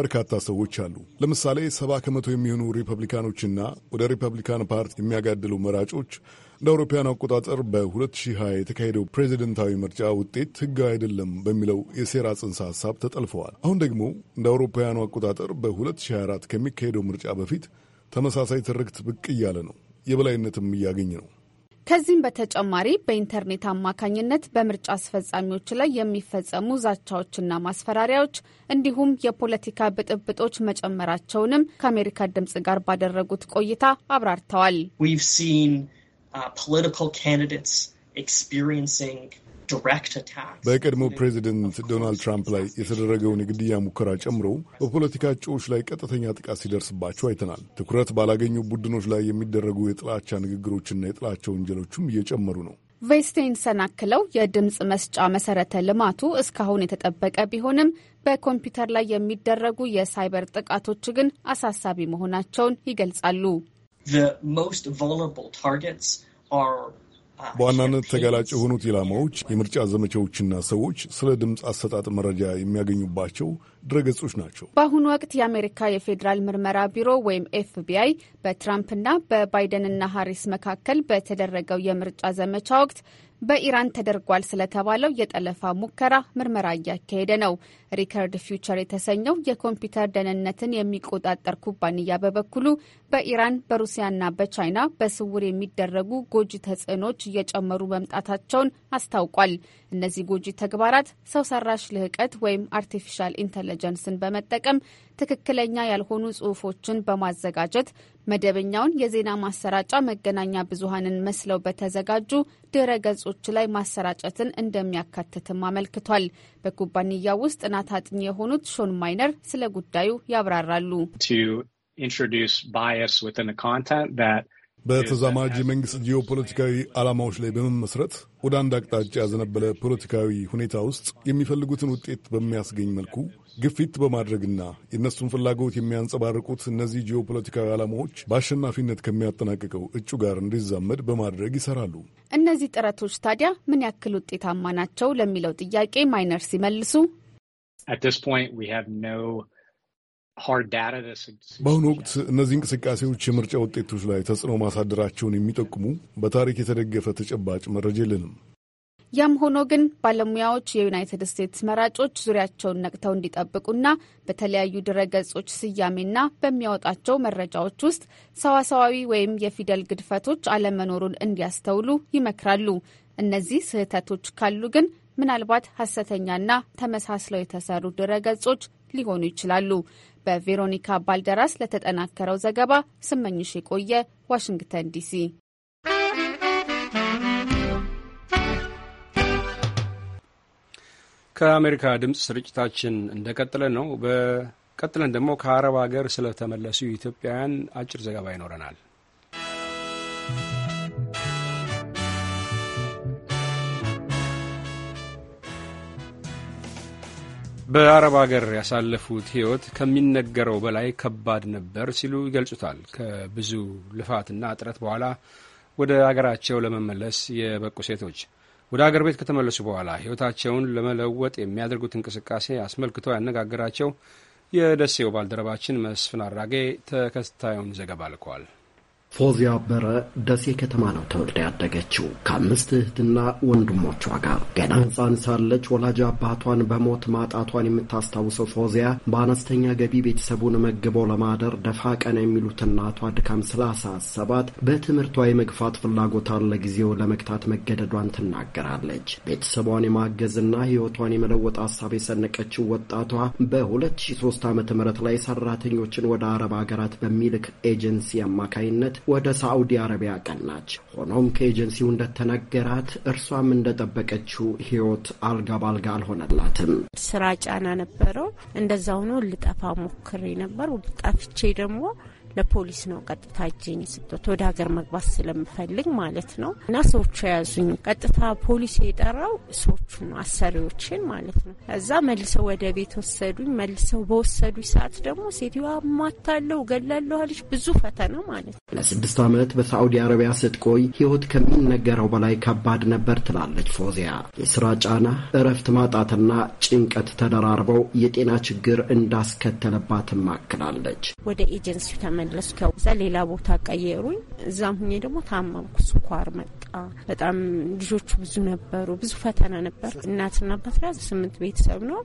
በርካታ ሰዎች አሉ። ለምሳሌ ሰባ ከመቶ የሚሆኑ ሪፐብሊካኖችና ወደ ሪፐብሊካን ፓርቲ የሚያጋድሉ መራጮች እንደ አውሮፓውያን አቆጣጠር በ2020 የተካሄደው ፕሬዚደንታዊ ምርጫ ውጤት ሕጋዊ አይደለም በሚለው የሴራ ጽንሰ ሀሳብ ተጠልፈዋል። አሁን ደግሞ እንደ አውሮፓውያኑ አቆጣጠር በ2024 ከሚካሄደው ምርጫ በፊት ተመሳሳይ ትርክት ብቅ እያለ ነው፣ የበላይነትም እያገኝ ነው። ከዚህም በተጨማሪ በኢንተርኔት አማካኝነት በምርጫ አስፈጻሚዎች ላይ የሚፈጸሙ ዛቻዎችና ማስፈራሪያዎች እንዲሁም የፖለቲካ ብጥብጦች መጨመራቸውንም ከአሜሪካ ድምጽ ጋር ባደረጉት ቆይታ አብራርተዋል። Uh, political candidates experiencing በቀድሞ ፕሬዚደንት ዶናልድ ትራምፕ ላይ የተደረገውን የግድያ ሙከራ ጨምሮ በፖለቲካ እጩዎች ላይ ቀጥተኛ ጥቃት ሲደርስባቸው አይተናል። ትኩረት ባላገኙ ቡድኖች ላይ የሚደረጉ የጥላቻ ንግግሮችና የጥላቻ ወንጀሎችም እየጨመሩ ነው። ቬስቴንሰን አክለው የድምፅ መስጫ መሰረተ ልማቱ እስካሁን የተጠበቀ ቢሆንም በኮምፒውተር ላይ የሚደረጉ የሳይበር ጥቃቶች ግን አሳሳቢ መሆናቸውን ይገልጻሉ። Uh, በዋናነት ተጋላጭ የሆኑት ኢላማዎች የምርጫ ዘመቻዎችና ሰዎች ስለ ድምፅ አሰጣጥ መረጃ የሚያገኙባቸው ድረገጾች ናቸው። በአሁኑ ወቅት የአሜሪካ የፌዴራል ምርመራ ቢሮ ወይም ኤፍቢአይ በትራምፕና በባይደንና ሀሪስ መካከል በተደረገው የምርጫ ዘመቻ ወቅት በኢራን ተደርጓል ስለተባለው የጠለፋ ሙከራ ምርመራ እያካሄደ ነው። ሪከርድ ፊውቸር የተሰኘው የኮምፒውተር ደህንነትን የሚቆጣጠር ኩባንያ በበኩሉ በኢራን በሩሲያና በቻይና በስውር የሚደረጉ ጎጂ ተጽዕኖች እየጨመሩ መምጣታቸውን አስታውቋል። እነዚህ ጎጂ ተግባራት ሰው ሰራሽ ልህቀት ወይም አርቲፊሻል ኢንተለጀንስን በመጠቀም ትክክለኛ ያልሆኑ ጽሑፎችን በማዘጋጀት መደበኛውን የዜና ማሰራጫ መገናኛ ብዙሃንን መስለው በተዘጋጁ ድረ ገጾች ላይ ማሰራጨትን እንደሚያካትትም አመልክቷል። በኩባንያው ውስጥ ጥናት አጥኚ የሆኑት ሾን ማይነር ስለ ጉዳዩ ያብራራሉ። በተዛማጅ የመንግስት ጂኦፖለቲካዊ ዓላማዎች ላይ በመመስረት ወደ አንድ አቅጣጫ ያዘነበለ ፖለቲካዊ ሁኔታ ውስጥ የሚፈልጉትን ውጤት በሚያስገኝ መልኩ ግፊት በማድረግና የእነሱን ፍላጎት የሚያንጸባርቁት እነዚህ ጂኦፖለቲካዊ ዓላማዎች በአሸናፊነት ከሚያጠናቅቀው እጩ ጋር እንዲዛመድ በማድረግ ይሰራሉ። እነዚህ ጥረቶች ታዲያ ምን ያክል ውጤታማ ናቸው ለሚለው ጥያቄ ማይነር ሲመልሱ በአሁኑ ወቅት እነዚህ እንቅስቃሴዎች የምርጫ ውጤቶች ላይ ተጽዕኖ ማሳደራቸውን የሚጠቁሙ በታሪክ የተደገፈ ተጨባጭ መረጃ የለንም። ያም ሆኖ ግን ባለሙያዎች የዩናይትድ ስቴትስ መራጮች ዙሪያቸውን ነቅተው እንዲጠብቁና በተለያዩ ድረገጾች ስያሜና በሚያወጣቸው መረጃዎች ውስጥ ሰዋሰዋዊ ወይም የፊደል ግድፈቶች አለመኖሩን እንዲያስተውሉ ይመክራሉ። እነዚህ ስህተቶች ካሉ ግን ምናልባት ሀሰተኛና ተመሳስለው የተሰሩ ድረገጾች ሊሆኑ ይችላሉ። በቬሮኒካ ባልደራስ ለተጠናከረው ዘገባ ስመኝሽ የቆየ ዋሽንግተን ዲሲ። ከአሜሪካ ድምፅ ስርጭታችን እንደቀጥለ ነው። በቀጥለን ደግሞ ከአረብ ሀገር ስለተመለሱ ኢትዮጵያውያን አጭር ዘገባ ይኖረናል። በአረብ ሀገር ያሳለፉት ሕይወት ከሚነገረው በላይ ከባድ ነበር ሲሉ ይገልጹታል። ከብዙ ልፋትና ጥረት በኋላ ወደ አገራቸው ለመመለስ የበቁ ሴቶች ወደ አገር ቤት ከተመለሱ በኋላ ሕይወታቸውን ለመለወጥ የሚያደርጉት እንቅስቃሴ አስመልክቶ ያነጋገራቸው የደሴው ባልደረባችን መስፍን አራጌ ተከታዩን ዘገባ ልኳል። ፎዚያ በረ ደሴ ከተማ ነው ተወልዳ ያደገችው ከአምስት እህትና ወንድሞቿ ጋር። ገና ሕፃን ሳለች ወላጅ አባቷን በሞት ማጣቷን የምታስታውሰው ፎዚያ በአነስተኛ ገቢ ቤተሰቡን መግበው ለማደር ደፋ ቀና የሚሉት እናቷ ድካም ስላሳሰባት በትምህርቷ የመግፋት ፍላጎቷን ለጊዜው ለመግታት መገደዷን ትናገራለች። ቤተሰቧን የማገዝና ሕይወቷን የመለወጥ ሀሳብ የሰነቀችው ወጣቷ በ2003 ዓ ም ላይ ሰራተኞችን ወደ አረብ ሀገራት በሚልክ ኤጀንሲ አማካይነት ወደ ሳዑዲ አረቢያ ቀናች። ሆኖም ከኤጀንሲው እንደተነገራት እርሷም እንደጠበቀችው ህይወት አልጋ ባልጋ አልሆነላትም። ስራ ጫና ነበረው። እንደዛ ሆኖ ልጠፋ ሞክሬ ነበር። ጠፍቼ ደግሞ ለፖሊስ ነው ቀጥታ እጄን ስጦት ወደ ሀገር መግባት ስለምፈልግ ማለት ነው። እና ሰዎቹ የያዙኝ ቀጥታ ፖሊስ የጠራው ነው አሰሪዎችን ማለት ነው። ከዛ መልሰው ወደ ቤት ወሰዱኝ። መልሰው በወሰዱኝ ሰዓት ደግሞ ሴትዮዋ ማታለው ገላለሁ አለች። ብዙ ፈተና ማለት ነው። ለስድስት ዓመት በሳዑዲ አረቢያ ስትቆይ ህይወት ከሚነገረው በላይ ከባድ ነበር ትላለች ፎዚያ። የስራ ጫና፣ እረፍት ማጣትና ጭንቀት ተደራርበው የጤና ችግር እንዳስከተለባትም አክላለች። ወደ ኤጀንሲው ተመ መመለስ ከውሰ ሌላ ቦታ ቀየሩኝ። እዛም ሁኜ ደግሞ ታመምኩ። ስኳር መጣ። በጣም ልጆቹ ብዙ ነበሩ። ብዙ ፈተና ነበር። እናትና አባት ጋር ስምንት ቤተሰብ ነው።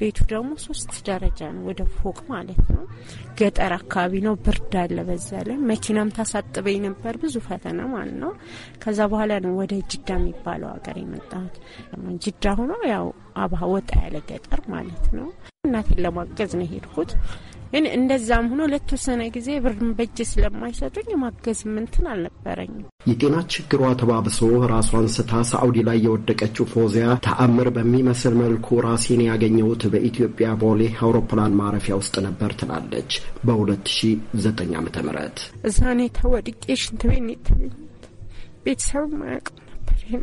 ቤቱ ደግሞ ሶስት ደረጃ ነው፣ ወደ ፎቅ ማለት ነው። ገጠር አካባቢ ነው። ብርድ አለ። በዛ ላይ መኪናም ታሳጥበኝ ነበር። ብዙ ፈተና ማለት ነው። ከዛ በኋላ ነው ወደ ጅዳ የሚባለው ሀገር የመጣሁት። ጅዳ ሆኖ ያው አባ ወጣ ያለ ገጠር ማለት ነው። እናቴን ለማገዝ ነው የሄድኩት። ግን እንደዛም ሆኖ ለተወሰነ ጊዜ ብር በእጅ ስለማይሰጡኝ የማገዝ ምንትን አልነበረኝም። የጤና ችግሯ ተባብሶ ራሷን ስታ ሳዑዲ ላይ የወደቀችው ፎዚያ ተአምር በሚመስል መልኩ ራሴን ያገኘሁት በኢትዮጵያ ቦሌ አውሮፕላን ማረፊያ ውስጥ ነበር ትላለች። በ2009 ዓ ም እዛ እኔ ተወድቄ ሽንት ቤት ቤተሰብ አያውቅም ነበር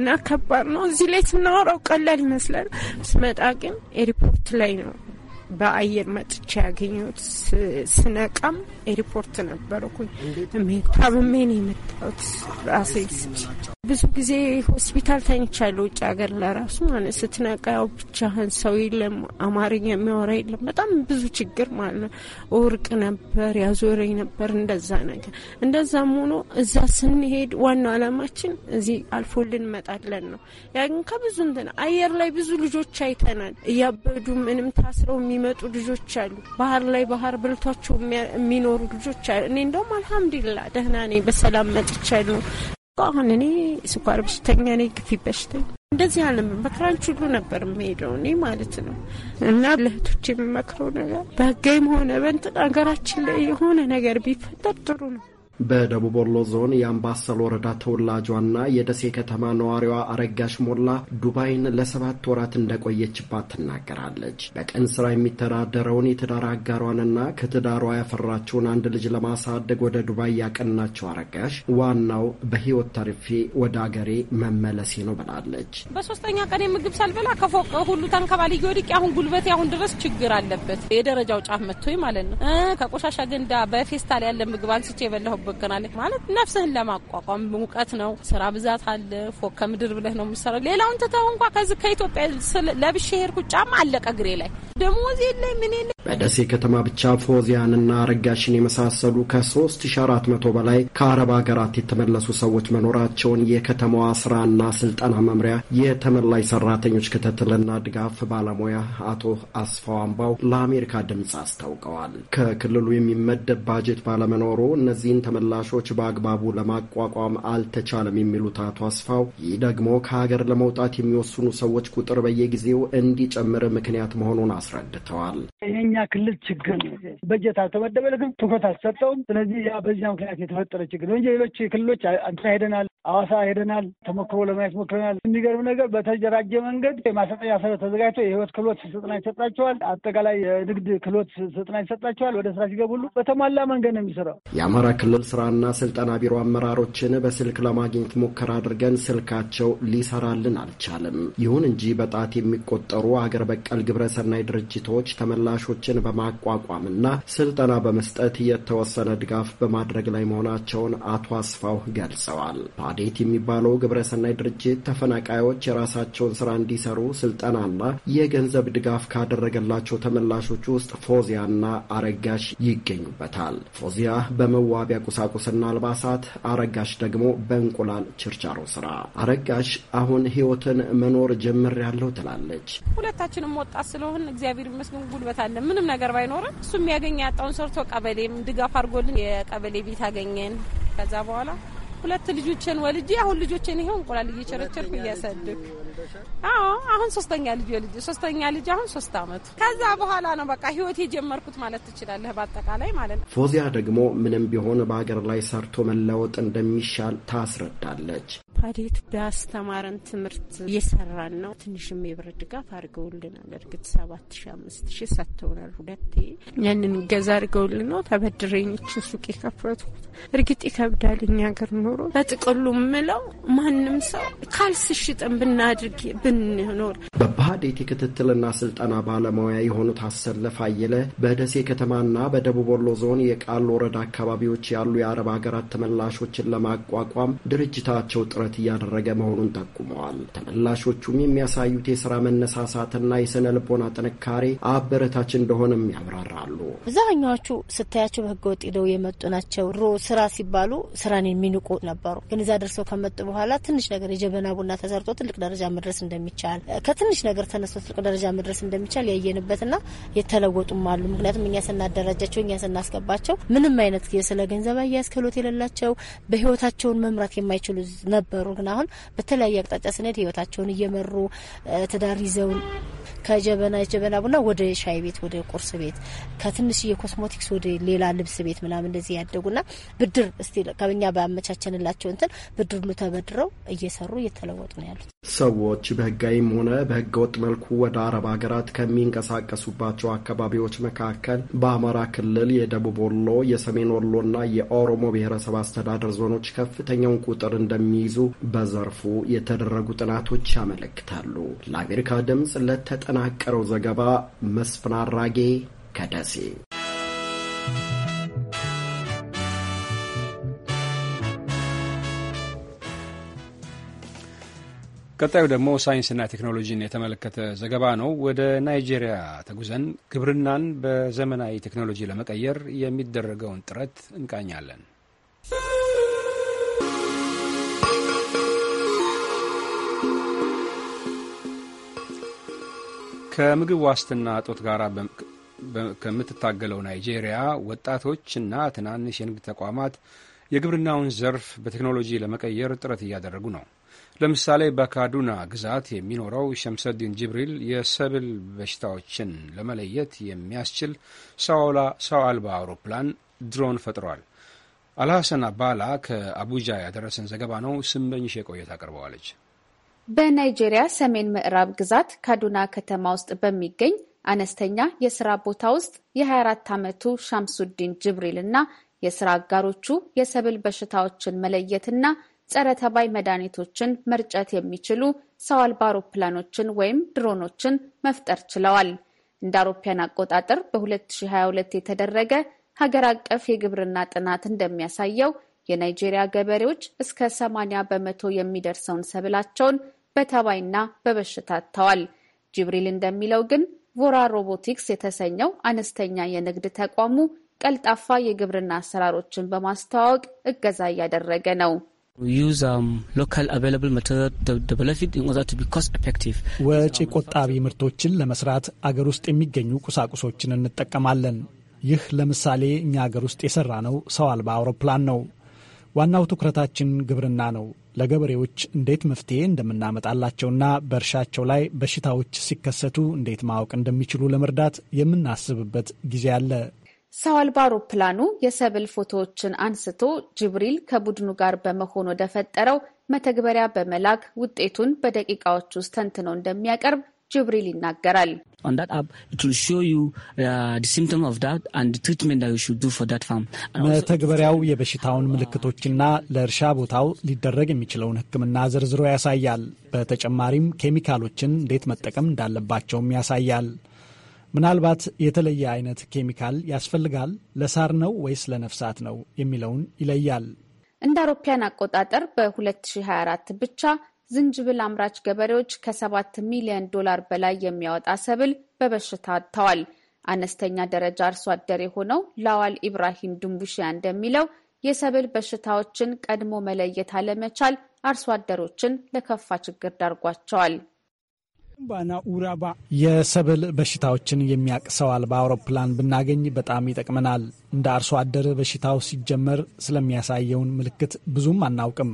እና ከባድ ነው። እዚህ ላይ ስናወራው ቀላል ይመስላል። ስመጣ ግን ኤርፖርት ላይ ነው በአየር መጥቼ ያገኘሁት ስነቃም ኤሪፖርት ነበርኩኝ። ታብሜን የመጣሁት ራሴ ብዙ ጊዜ ሆስፒታል ተኝቻለሁ። ውጭ ሀገር ለራሱ ማለት ስትነቃ ያው ብቻህን ሰው የለም፣ አማርኛ የሚያወራ የለም። በጣም ብዙ ችግር ማለት ነው። ወርቅ ነበር ያዞረኝ ነበር እንደዛ ነገር። እንደዛም ሆኖ እዛ ስንሄድ ዋናው አላማችን እዚህ አልፎ ልንመጣለን ነው። ያን ከብዙ እንትን አየር ላይ ብዙ ልጆች አይተናል እያበዱ ምንም ታስረው የሚ የሚመጡ ልጆች አሉ። ባህር ላይ ባህር በልቷቸው የሚኖሩ ልጆች አሉ። እኔ እንደውም አልሐምዱሊላ ደህና ነኝ፣ በሰላም መጥቻለሁ። አሁን እኔ ስኳር በሽተኛ ነኝ፣ ግፊት በሽተኛ እንደዚህ አለም መክራንች ሁሉ ነበር የምሄደው እኔ ማለት ነው። እና ለእህቶች የሚመክረው ነገር በህገይም ሆነ በእንትን ሀገራችን ላይ የሆነ ነገር ቢፈጠር ጥሩ ነው። በደቡብ ወሎ ዞን የአምባሰል ወረዳ ተወላጇና የደሴ ከተማ ነዋሪዋ አረጋሽ ሞላ ዱባይን ለሰባት ወራት እንደቆየችባት ትናገራለች። በቀን ስራ የሚተዳደረውን የትዳር አጋሯንና ከትዳሯ ያፈራችውን አንድ ልጅ ለማሳደግ ወደ ዱባይ ያቀናቸው አረጋሽ ዋናው በህይወት ተርፌ ወደ አገሬ መመለሴ ነው ብላለች። በሶስተኛ ቀን ምግብ ሳልበላ ከፎቅ ሁሉ ተንከባልዬ ወድቄ አሁን ጉልበቴ አሁን ድረስ ችግር አለበት። የደረጃው ጫፍ መጥቶኝ ማለት ነው። ከቆሻሻ ገንዳ በፌስታል ያለ ምግብ አንስቼ የበላሁ ትጠብቀናለች ማለት ነፍስህን ለማቋቋም ሙቀት ነው፣ ስራ ብዛት አለ፣ ፎቅ ከምድር ብለህ ነው የምሰራው። ሌላውን ትተው እንኳ ከዚህ ከኢትዮጵያ ለብሼ ሄድኩ፣ ጫማ አለቀ እግሬ ላይ ደሞዝ የለ ምን የለ። በደሴ ከተማ ብቻ ፎዚያንና አረጋሽን የመሳሰሉ ከ3400 በላይ ከአረብ ሀገራት የተመለሱ ሰዎች መኖራቸውን የከተማዋ ስራና ስልጠና መምሪያ የተመላሽ ሰራተኞች ክትትልና ድጋፍ ባለሙያ አቶ አስፋው አምባው ለአሜሪካ ድምፅ አስታውቀዋል። ከክልሉ የሚመደብ ባጀት ባለመኖሩ እነዚህን ተመላሾች በአግባቡ ለማቋቋም አልተቻለም የሚሉት አቶ አስፋው ይህ ደግሞ ከሀገር ለመውጣት የሚወስኑ ሰዎች ቁጥር በየጊዜው እንዲጨምር ምክንያት መሆኑን አስረድተዋል። የኛ ክልል ችግር ነው። በጀት አልተመደበል፣ ግን ትኩረት አልሰጠውም። ስለዚህ ያ በዚያ ምክንያት የተፈጠረ ችግር ነው እንጂ ሌሎች ክልሎች እንትና ሄደናል፣ አዋሳ ሄደናል፣ ተሞክሮ ለማየት ሞክረናል። የሚገርም ነገር በተደራጀ መንገድ የማሰልጠኛ ሰበት ተዘጋጅቶ የህይወት ክህሎት ስልጠና ይሰጣቸዋል። አጠቃላይ የንግድ ክህሎት ስልጠና ይሰጣቸዋል። ወደ ስራ ሲገቡ ሁሉ በተሟላ መንገድ ነው የሚሰራው። የአማራ ክልል ስራና ስልጠና ቢሮ አመራሮችን በስልክ ለማግኘት ሙከራ አድርገን ስልካቸው ሊሰራልን አልቻለም። ይሁን እንጂ በጣት የሚቆጠሩ አገር በቀል ግብረሰናይ ድርጅቶች ተመላሾችን በማቋቋምና ስልጠና በመስጠት የተወሰነ ድጋፍ በማድረግ ላይ መሆናቸውን አቶ አስፋው ገልጸዋል። ፓዴት የሚባለው ግብረሰናይ ድርጅት ተፈናቃዮች የራሳቸውን ስራ እንዲሰሩ ስልጠናና የገንዘብ ድጋፍ ካደረገላቸው ተመላሾች ውስጥ ፎዚያና አረጋሽ ይገኙበታል። ፎዚያ በመዋቢያ ቁሳቁስና አልባሳት፣ አረጋሽ ደግሞ በእንቁላል ችርቻሮ ስራ። አረጋሽ አሁን ህይወትን መኖር ጀምር ያለው ትላለች። ሁለታችንም ወጣት ስለሆን እግዚአብሔር ይመስገን ጉልበት አለ። ምንም ነገር ባይኖረን እሱ የሚያገኝ ያጣውን ሰርቶ ቀበሌም ድጋፍ አድርጎልን የቀበሌ ቤት አገኘን። ከዛ በኋላ ሁለት ልጆችን ወልጄ አሁን ልጆችን ይሄው እንቁላል እየቸረቸርኩ እያሳድግ አዎ አሁን ሶስተኛ ልጅ ልጅ ሶስተኛ ልጅ አሁን ሶስት አመቱ። ከዛ በኋላ ነው በቃ ህይወት የጀመርኩት ማለት ትችላለህ በአጠቃላይ ማለት ነው። ፎዚያ ደግሞ ምንም ቢሆን በሀገር ላይ ሰርቶ መለወጥ እንደሚሻል ታስረዳለች። ፓዴት በአስተማረን ትምህርት እየሰራን ነው። ትንሽም የብር ድጋፍ አድርገውልናል። እርግጥ ሰባት ሺ አምስት ሺ ሰጥተውናል ሁለቴ። ያንን ገዛ አድርገውልን ነው ተበድረኞችን ሱቅ የከፈትኩት። እርግጥ ይከብዳል እኛ ሀገር ኖሮ። በጥቅሉ ምለው ማንም ሰው ካልስሽጥን ብናድርግ ብንኖር በባህዴት የክትትልና ስልጠና ባለሙያ የሆኑት አሰለፍ አየለ በደሴ ከተማና በደቡብ ወሎ ዞን የቃል ወረዳ አካባቢዎች ያሉ የአረብ ሀገራት ተመላሾችን ለማቋቋም ድርጅታቸው ጥረት እያደረገ መሆኑን ጠቁመዋል። ተመላሾቹም የሚያሳዩት የስራ መነሳሳትና የስነ ልቦና ጥንካሬ አበረታች እንደሆነም ያብራራሉ። አብዛኛዎቹ ስታያቸው ወጥ ሄደው የመጡ ናቸው። ድሮ ስራ ሲባሉ ስራን የሚንቁ ነበሩ። ግን እዛ ደርሰው ከመጡ በኋላ ትንሽ ነገር የጀበና ቡና ተሰርቶ ትልቅ ደረጃ መድረስ እንደሚቻል ከትንሽ ነገር ተነስቶ ትልቅ ደረጃ መድረስ እንደሚቻል ያየንበትና የተለወጡም አሉ። ምክንያቱም እኛ ስናደራጃቸው እኛ ስናስገባቸው ምንም አይነት የስለ ገንዘብ አያያዝ ክህሎት የሌላቸው በህይወታቸውን መምራት የማይችሉ ነበሩ። ግን አሁን በተለያየ አቅጣጫ ስንሄድ ህይወታቸውን እየመሩ ትዳር ይዘውን ከጀበና ጀበና ቡና ወደ ሻይ ቤት፣ ወደ ቁርስ ቤት፣ ከትንሽዬ ኮስሞቲክስ ወደ ሌላ ልብስ ቤት ምናምን እንደዚህ ያደጉና ብድር እስቲ ከኛ ባመቻቸንላቸው እንትን ብድር ሁሉ ተበድረው እየሰሩ እየተለወጡ ነው ያሉት። ሰዎች በህጋዊም ሆነ በህገ ወጥ መልኩ ወደ አረብ ሀገራት ከሚንቀሳቀሱባቸው አካባቢዎች መካከል በአማራ ክልል የደቡብ ወሎ፣ የሰሜን ወሎ እና የኦሮሞ ብሔረሰብ አስተዳደር ዞኖች ከፍተኛውን ቁጥር እንደሚይዙ በዘርፉ የተደረጉ ጥናቶች ያመለክታሉ። ለአሜሪካ ድምጽ ለተጠ ለተጠናቀረው ዘገባ መስፍን አራጌ ከደሴ። ቀጣዩ ደግሞ ሳይንስና ቴክኖሎጂን የተመለከተ ዘገባ ነው። ወደ ናይጄሪያ ተጉዘን ግብርናን በዘመናዊ ቴክኖሎጂ ለመቀየር የሚደረገውን ጥረት እንቃኛለን። ከምግብ ዋስትና እጦት ጋር ከምትታገለው ናይጄሪያ ወጣቶችና ትናንሽ የንግድ ተቋማት የግብርናውን ዘርፍ በቴክኖሎጂ ለመቀየር ጥረት እያደረጉ ነው። ለምሳሌ በካዱና ግዛት የሚኖረው ሸምሰዲን ጅብሪል የሰብል በሽታዎችን ለመለየት የሚያስችል ሰው አልባ አውሮፕላን ድሮን ፈጥሯል። አልሐሰን አባላ ከአቡጃ ያደረሰን ዘገባ ነው። ስመኝሽ የቆየት አቅርበዋለች። በናይጄሪያ ሰሜን ምዕራብ ግዛት ካዱና ከተማ ውስጥ በሚገኝ አነስተኛ የስራ ቦታ ውስጥ የ24 ዓመቱ ሻምሱዲን ጅብሪል እና የስራ አጋሮቹ የሰብል በሽታዎችን መለየትና ጸረ ተባይ መድኃኒቶችን መርጨት የሚችሉ ሰው አልባ አውሮፕላኖችን ወይም ድሮኖችን መፍጠር ችለዋል። እንደ አውሮፓያን አቆጣጠር በ2022 የተደረገ ሀገር አቀፍ የግብርና ጥናት እንደሚያሳየው የናይጄሪያ ገበሬዎች እስከ 80 በመቶ የሚደርሰውን ሰብላቸውን በተባይና በበሽታ አጥተዋል። ጅብሪል እንደሚለው ግን ቮራ ሮቦቲክስ የተሰኘው አነስተኛ የንግድ ተቋሙ ቀልጣፋ የግብርና አሰራሮችን በማስተዋወቅ እገዛ እያደረገ ነው። um, ወጪ ቆጣቢ ምርቶችን ለመስራት አገር ውስጥ የሚገኙ ቁሳቁሶችን እንጠቀማለን። ይህ ለምሳሌ እኛ አገር ውስጥ የሰራ ነው ሰው አልባ አውሮፕላን ነው። ዋናው ትኩረታችን ግብርና ነው። ለገበሬዎች እንዴት መፍትሄ እንደምናመጣላቸውና በእርሻቸው ላይ በሽታዎች ሲከሰቱ እንዴት ማወቅ እንደሚችሉ ለመርዳት የምናስብበት ጊዜ አለ። ሰው አልባ አውሮፕላኑ የሰብል ፎቶዎችን አንስቶ ጅብሪል ከቡድኑ ጋር በመሆን ወደፈጠረው መተግበሪያ በመላክ ውጤቱን በደቂቃዎች ውስጥ ተንትኖ እንደሚያቀርብ ጅብሪል ይናገራል። uh, መተግበሪያው የበሽታውን ምልክቶችና ለእርሻ ቦታው ሊደረግ የሚችለውን ሕክምና ዘርዝሮ ያሳያል። በተጨማሪም ኬሚካሎችን እንዴት መጠቀም እንዳለባቸውም ያሳያል። ምናልባት የተለየ አይነት ኬሚካል ያስፈልጋል፣ ለሳር ነው ወይስ ለነፍሳት ነው የሚለውን ይለያል። እንደ አውሮፓያን አቆጣጠር በ2024 ብቻ ዝንጅብል አምራች ገበሬዎች ከሰባት ሚሊዮን ዶላር በላይ የሚያወጣ ሰብል በበሽታ አጥተዋል። አነስተኛ ደረጃ አርሶ አደር የሆነው ላዋል ኢብራሂም ድንቡሽያ እንደሚለው የሰብል በሽታዎችን ቀድሞ መለየት አለመቻል አርሶ አደሮችን ለከፋ ችግር ዳርጓቸዋል። የሰብል በሽታዎችን የሚያቅሰዋል በአውሮፕላን ብናገኝ በጣም ይጠቅመናል። እንደ አርሶ አደር በሽታው ሲጀመር ስለሚያሳየውን ምልክት ብዙም አናውቅም።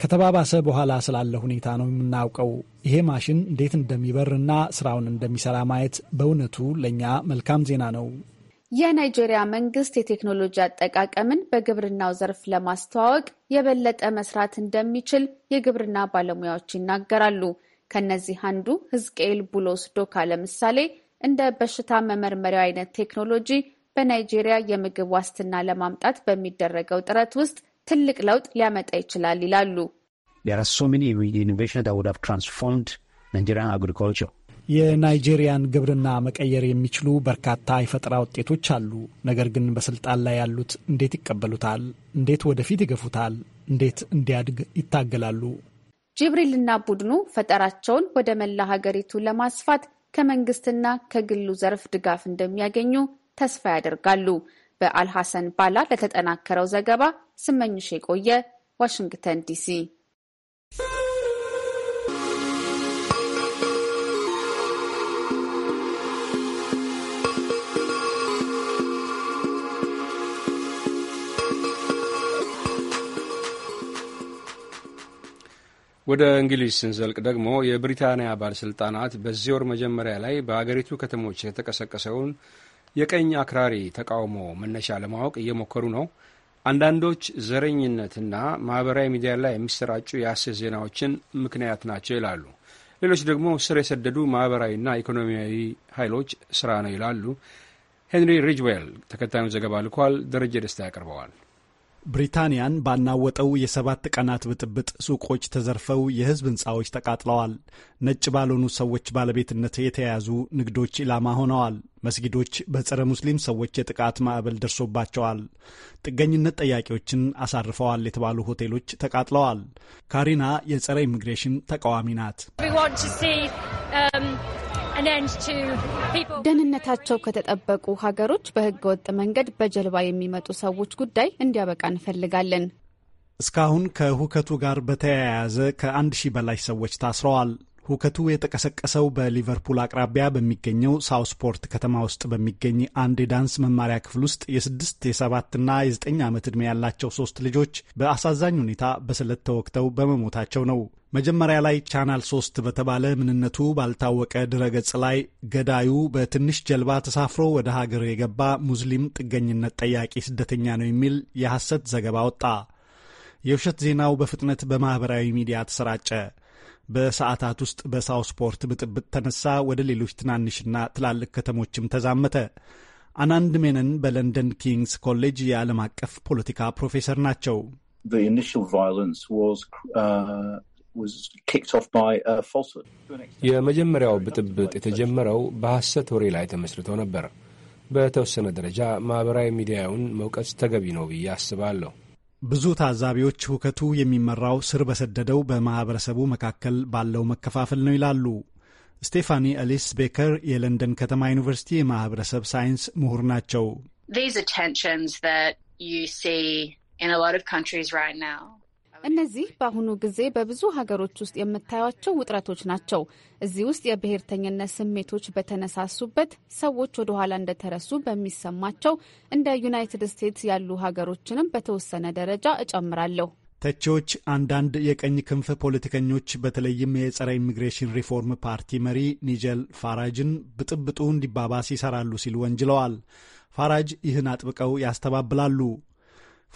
ከተባባሰ በኋላ ስላለ ሁኔታ ነው የምናውቀው። ይሄ ማሽን እንዴት እንደሚበርና ስራውን እንደሚሰራ ማየት በእውነቱ ለእኛ መልካም ዜና ነው። የናይጄሪያ መንግስት የቴክኖሎጂ አጠቃቀምን በግብርናው ዘርፍ ለማስተዋወቅ የበለጠ መስራት እንደሚችል የግብርና ባለሙያዎች ይናገራሉ። ከነዚህ አንዱ ህዝቅኤል ቡሎስ ዶካ ለምሳሌ እንደ በሽታ መመርመሪያው አይነት ቴክኖሎጂ በናይጄሪያ የምግብ ዋስትና ለማምጣት በሚደረገው ጥረት ውስጥ ትልቅ ለውጥ ሊያመጣ ይችላል ይላሉ። የናይጄሪያን ግብርና መቀየር የሚችሉ በርካታ የፈጠራ ውጤቶች አሉ። ነገር ግን በስልጣን ላይ ያሉት እንዴት ይቀበሉታል? እንዴት ወደፊት ይገፉታል? እንዴት እንዲያድግ ይታገላሉ? ጅብሪልና ቡድኑ ፈጠራቸውን ወደ መላ ሀገሪቱ ለማስፋት ከመንግስትና ከግሉ ዘርፍ ድጋፍ እንደሚያገኙ ተስፋ ያደርጋሉ። በአልሐሰን ባላ ለተጠናከረው ዘገባ ስመኝሽ የቆየ ዋሽንግተን ዲሲ። ወደ እንግሊዝ ስንዘልቅ ደግሞ የብሪታንያ ባለሥልጣናት በዚህ ወር መጀመሪያ ላይ በአገሪቱ ከተሞች የተቀሰቀሰውን የቀኝ አክራሪ ተቃውሞ መነሻ ለማወቅ እየሞከሩ ነው። አንዳንዶች ዘረኝነትና ማኅበራዊ ሚዲያ ላይ የሚሰራጩ የሐሰት ዜናዎችን ምክንያት ናቸው ይላሉ። ሌሎች ደግሞ ስር የሰደዱ ማኅበራዊና ኢኮኖሚያዊ ኃይሎች ስራ ነው ይላሉ። ሄንሪ ሪጅዌል ተከታዩን ዘገባ ልኳል። ደረጀ ደስታ ያቀርበዋል። ብሪታንያን ባናወጠው የሰባት ቀናት ብጥብጥ ሱቆች ተዘርፈው የሕዝብ ሕንፃዎች ተቃጥለዋል። ነጭ ባልሆኑ ሰዎች ባለቤትነት የተያያዙ ንግዶች ኢላማ ሆነዋል። መስጊዶች በጸረ ሙስሊም ሰዎች የጥቃት ማዕበል ደርሶባቸዋል። ጥገኝነት ጠያቂዎችን አሳርፈዋል የተባሉ ሆቴሎች ተቃጥለዋል። ካሪና የጸረ ኢሚግሬሽን ተቃዋሚ ናት። ደህንነታቸው ከተጠበቁ ሀገሮች በህገ ወጥ መንገድ በጀልባ የሚመጡ ሰዎች ጉዳይ እንዲያበቃ እንፈልጋለን። እስካሁን ከሁከቱ ጋር በተያያዘ ከአንድ ሺህ በላይ ሰዎች ታስረዋል። ሁከቱ የተቀሰቀሰው በሊቨርፑል አቅራቢያ በሚገኘው ሳውስፖርት ከተማ ውስጥ በሚገኝ አንድ የዳንስ መማሪያ ክፍል ውስጥ የስድስት የሰባትና የዘጠኝ ዓመት ዕድሜ ያላቸው ሶስት ልጆች በአሳዛኝ ሁኔታ በስለት ተወግተው በመሞታቸው ነው። መጀመሪያ ላይ ቻናል ሶስት በተባለ ምንነቱ ባልታወቀ ድረገጽ ላይ ገዳዩ በትንሽ ጀልባ ተሳፍሮ ወደ ሀገር የገባ ሙስሊም ጥገኝነት ጠያቂ ስደተኛ ነው የሚል የሐሰት ዘገባ ወጣ። የውሸት ዜናው በፍጥነት በማኅበራዊ ሚዲያ ተሰራጨ። በሰዓታት ውስጥ በሳውስፖርት ብጥብጥ ተነሳ፣ ወደ ሌሎች ትናንሽና ትላልቅ ከተሞችም ተዛመተ። አናንድ ሜነን በለንደን ኪንግስ ኮሌጅ የዓለም አቀፍ ፖለቲካ ፕሮፌሰር ናቸው። Uh, የመጀመሪያው ብጥብጥ የተጀመረው በሐሰት ወሬ ላይ ተመስርቶ ነበር። በተወሰነ ደረጃ ማኅበራዊ ሚዲያውን መውቀስ ተገቢ ነው ብዬ አስባለሁ። ብዙ ታዛቢዎች ሁከቱ የሚመራው ስር በሰደደው በማኅበረሰቡ መካከል ባለው መከፋፈል ነው ይላሉ። ስቴፋኒ አሊስ ቤከር የለንደን ከተማ ዩኒቨርሲቲ የማኅበረሰብ ሳይንስ ምሁር ናቸው። እነዚህ በአሁኑ ጊዜ በብዙ ሀገሮች ውስጥ የምታዩቸው ውጥረቶች ናቸው። እዚህ ውስጥ የብሔርተኝነት ስሜቶች በተነሳሱበት ሰዎች ወደ ኋላ እንደተረሱ በሚሰማቸው እንደ ዩናይትድ ስቴትስ ያሉ ሀገሮችንም በተወሰነ ደረጃ እጨምራለሁ። ተቺዎች አንዳንድ የቀኝ ክንፍ ፖለቲከኞች በተለይም የጸረ ኢሚግሬሽን ሪፎርም ፓርቲ መሪ ኒጀል ፋራጅን ብጥብጡ እንዲባባስ ይሰራሉ ሲሉ ወንጅለዋል። ፋራጅ ይህን አጥብቀው ያስተባብላሉ።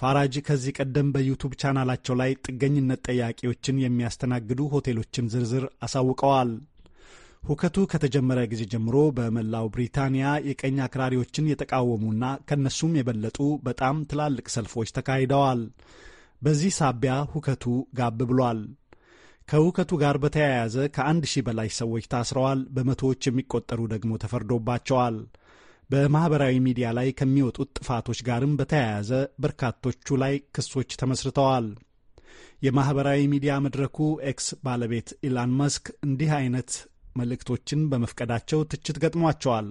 ፋራጅ ከዚህ ቀደም በዩቱብ ቻናላቸው ላይ ጥገኝነት ጠያቂዎችን የሚያስተናግዱ ሆቴሎችን ዝርዝር አሳውቀዋል። ሁከቱ ከተጀመረ ጊዜ ጀምሮ በመላው ብሪታንያ የቀኝ አክራሪዎችን የተቃወሙና ከነሱም የበለጡ በጣም ትላልቅ ሰልፎች ተካሂደዋል። በዚህ ሳቢያ ሁከቱ ጋብ ብሏል። ከሁከቱ ጋር በተያያዘ ከአንድ ሺህ በላይ ሰዎች ታስረዋል፣ በመቶዎች የሚቆጠሩ ደግሞ ተፈርዶባቸዋል። በማህበራዊ ሚዲያ ላይ ከሚወጡት ጥፋቶች ጋርም በተያያዘ በርካቶቹ ላይ ክሶች ተመስርተዋል። የማኅበራዊ ሚዲያ መድረኩ ኤክስ ባለቤት ኢላን መስክ እንዲህ አይነት መልእክቶችን በመፍቀዳቸው ትችት ገጥሟቸዋል።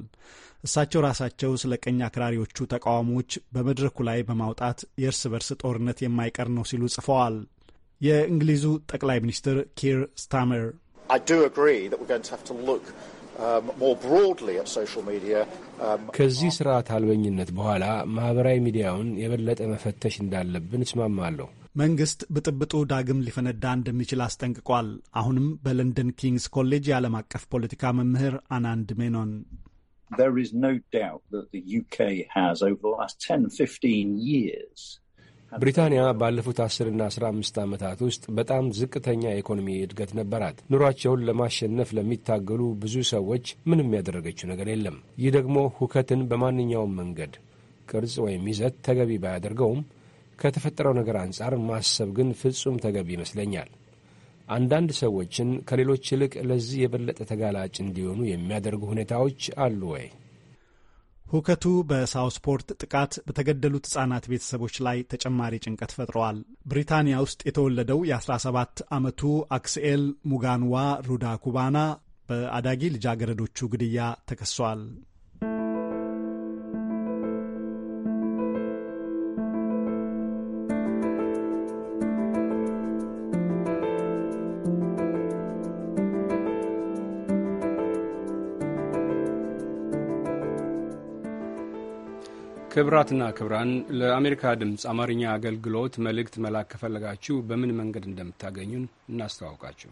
እሳቸው ራሳቸው ስለ ቀኝ አክራሪዎቹ ተቃዋሞች በመድረኩ ላይ በማውጣት የእርስ በርስ ጦርነት የማይቀር ነው ሲሉ ጽፈዋል። የእንግሊዙ ጠቅላይ ሚኒስትር ኪር ስታመር Um, um, ከዚህ ስርዓት አልበኝነት በኋላ ማኅበራዊ ሚዲያውን የበለጠ መፈተሽ እንዳለብን እስማማለሁ። መንግሥት ብጥብጡ ዳግም ሊፈነዳ እንደሚችል አስጠንቅቋል። አሁንም በለንደን ኪንግስ ኮሌጅ የዓለም አቀፍ ፖለቲካ መምህር አናንድ ሜኖን There is no doubt that the UK has, over the last 10, 15 years, ብሪታንያ ባለፉት አስርና አስራ አምስት ዓመታት ውስጥ በጣም ዝቅተኛ የኢኮኖሚ እድገት ነበራት። ኑሯቸውን ለማሸነፍ ለሚታገሉ ብዙ ሰዎች ምንም ያደረገችው ነገር የለም። ይህ ደግሞ ሁከትን በማንኛውም መንገድ ቅርጽ ወይም ይዘት ተገቢ ባያደርገውም ከተፈጠረው ነገር አንጻር ማሰብ ግን ፍጹም ተገቢ ይመስለኛል። አንዳንድ ሰዎችን ከሌሎች ይልቅ ለዚህ የበለጠ ተጋላጭ እንዲሆኑ የሚያደርጉ ሁኔታዎች አሉ ወይ? ሁከቱ በሳውስፖርት ጥቃት በተገደሉት ህጻናት ቤተሰቦች ላይ ተጨማሪ ጭንቀት ፈጥረዋል። ብሪታንያ ውስጥ የተወለደው የ17 ዓመቱ አክስኤል ሙጋንዋ ሩዳ ኩባና በአዳጊ ልጃገረዶቹ ግድያ ተከሷል። ክብራትና ክብራን ለአሜሪካ ድምፅ አማርኛ አገልግሎት መልእክት መላክ ከፈለጋችሁ በምን መንገድ እንደምታገኙን እናስተዋውቃችሁ።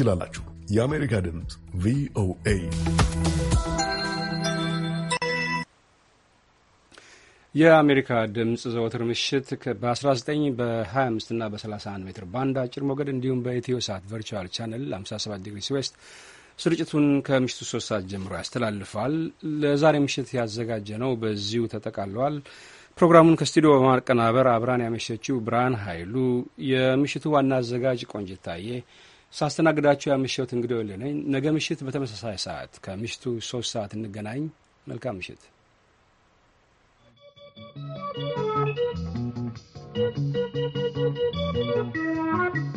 ትችላላችሁ። የአሜሪካ ድምፅ ቪኦኤ የአሜሪካ ድምፅ ዘወትር ምሽት በ19 በ25 እና በ31 ሜትር ባንድ አጭር ሞገድ እንዲሁም በኢትዮ ሳት ቨርቹዋል ቻነል 57 ዲግሪ ስዌስት ስርጭቱን ከምሽቱ 3 ሰዓት ጀምሮ ያስተላልፋል። ለዛሬ ምሽት ያዘጋጀ ነው በዚሁ ተጠቃለዋል። ፕሮግራሙን ከስቱዲዮ በማቀናበር አብራን ያመሸችው ብርሃን ኃይሉ፣ የምሽቱ ዋና አዘጋጅ ቆንጅታዬ ሳስተናግዳቸው ያመሸሁት እንግዲህ ወለ ነኝ። ነገ ምሽት በተመሳሳይ ሰዓት ከምሽቱ ሶስት ሰዓት እንገናኝ። መልካም ምሽት። Thank you.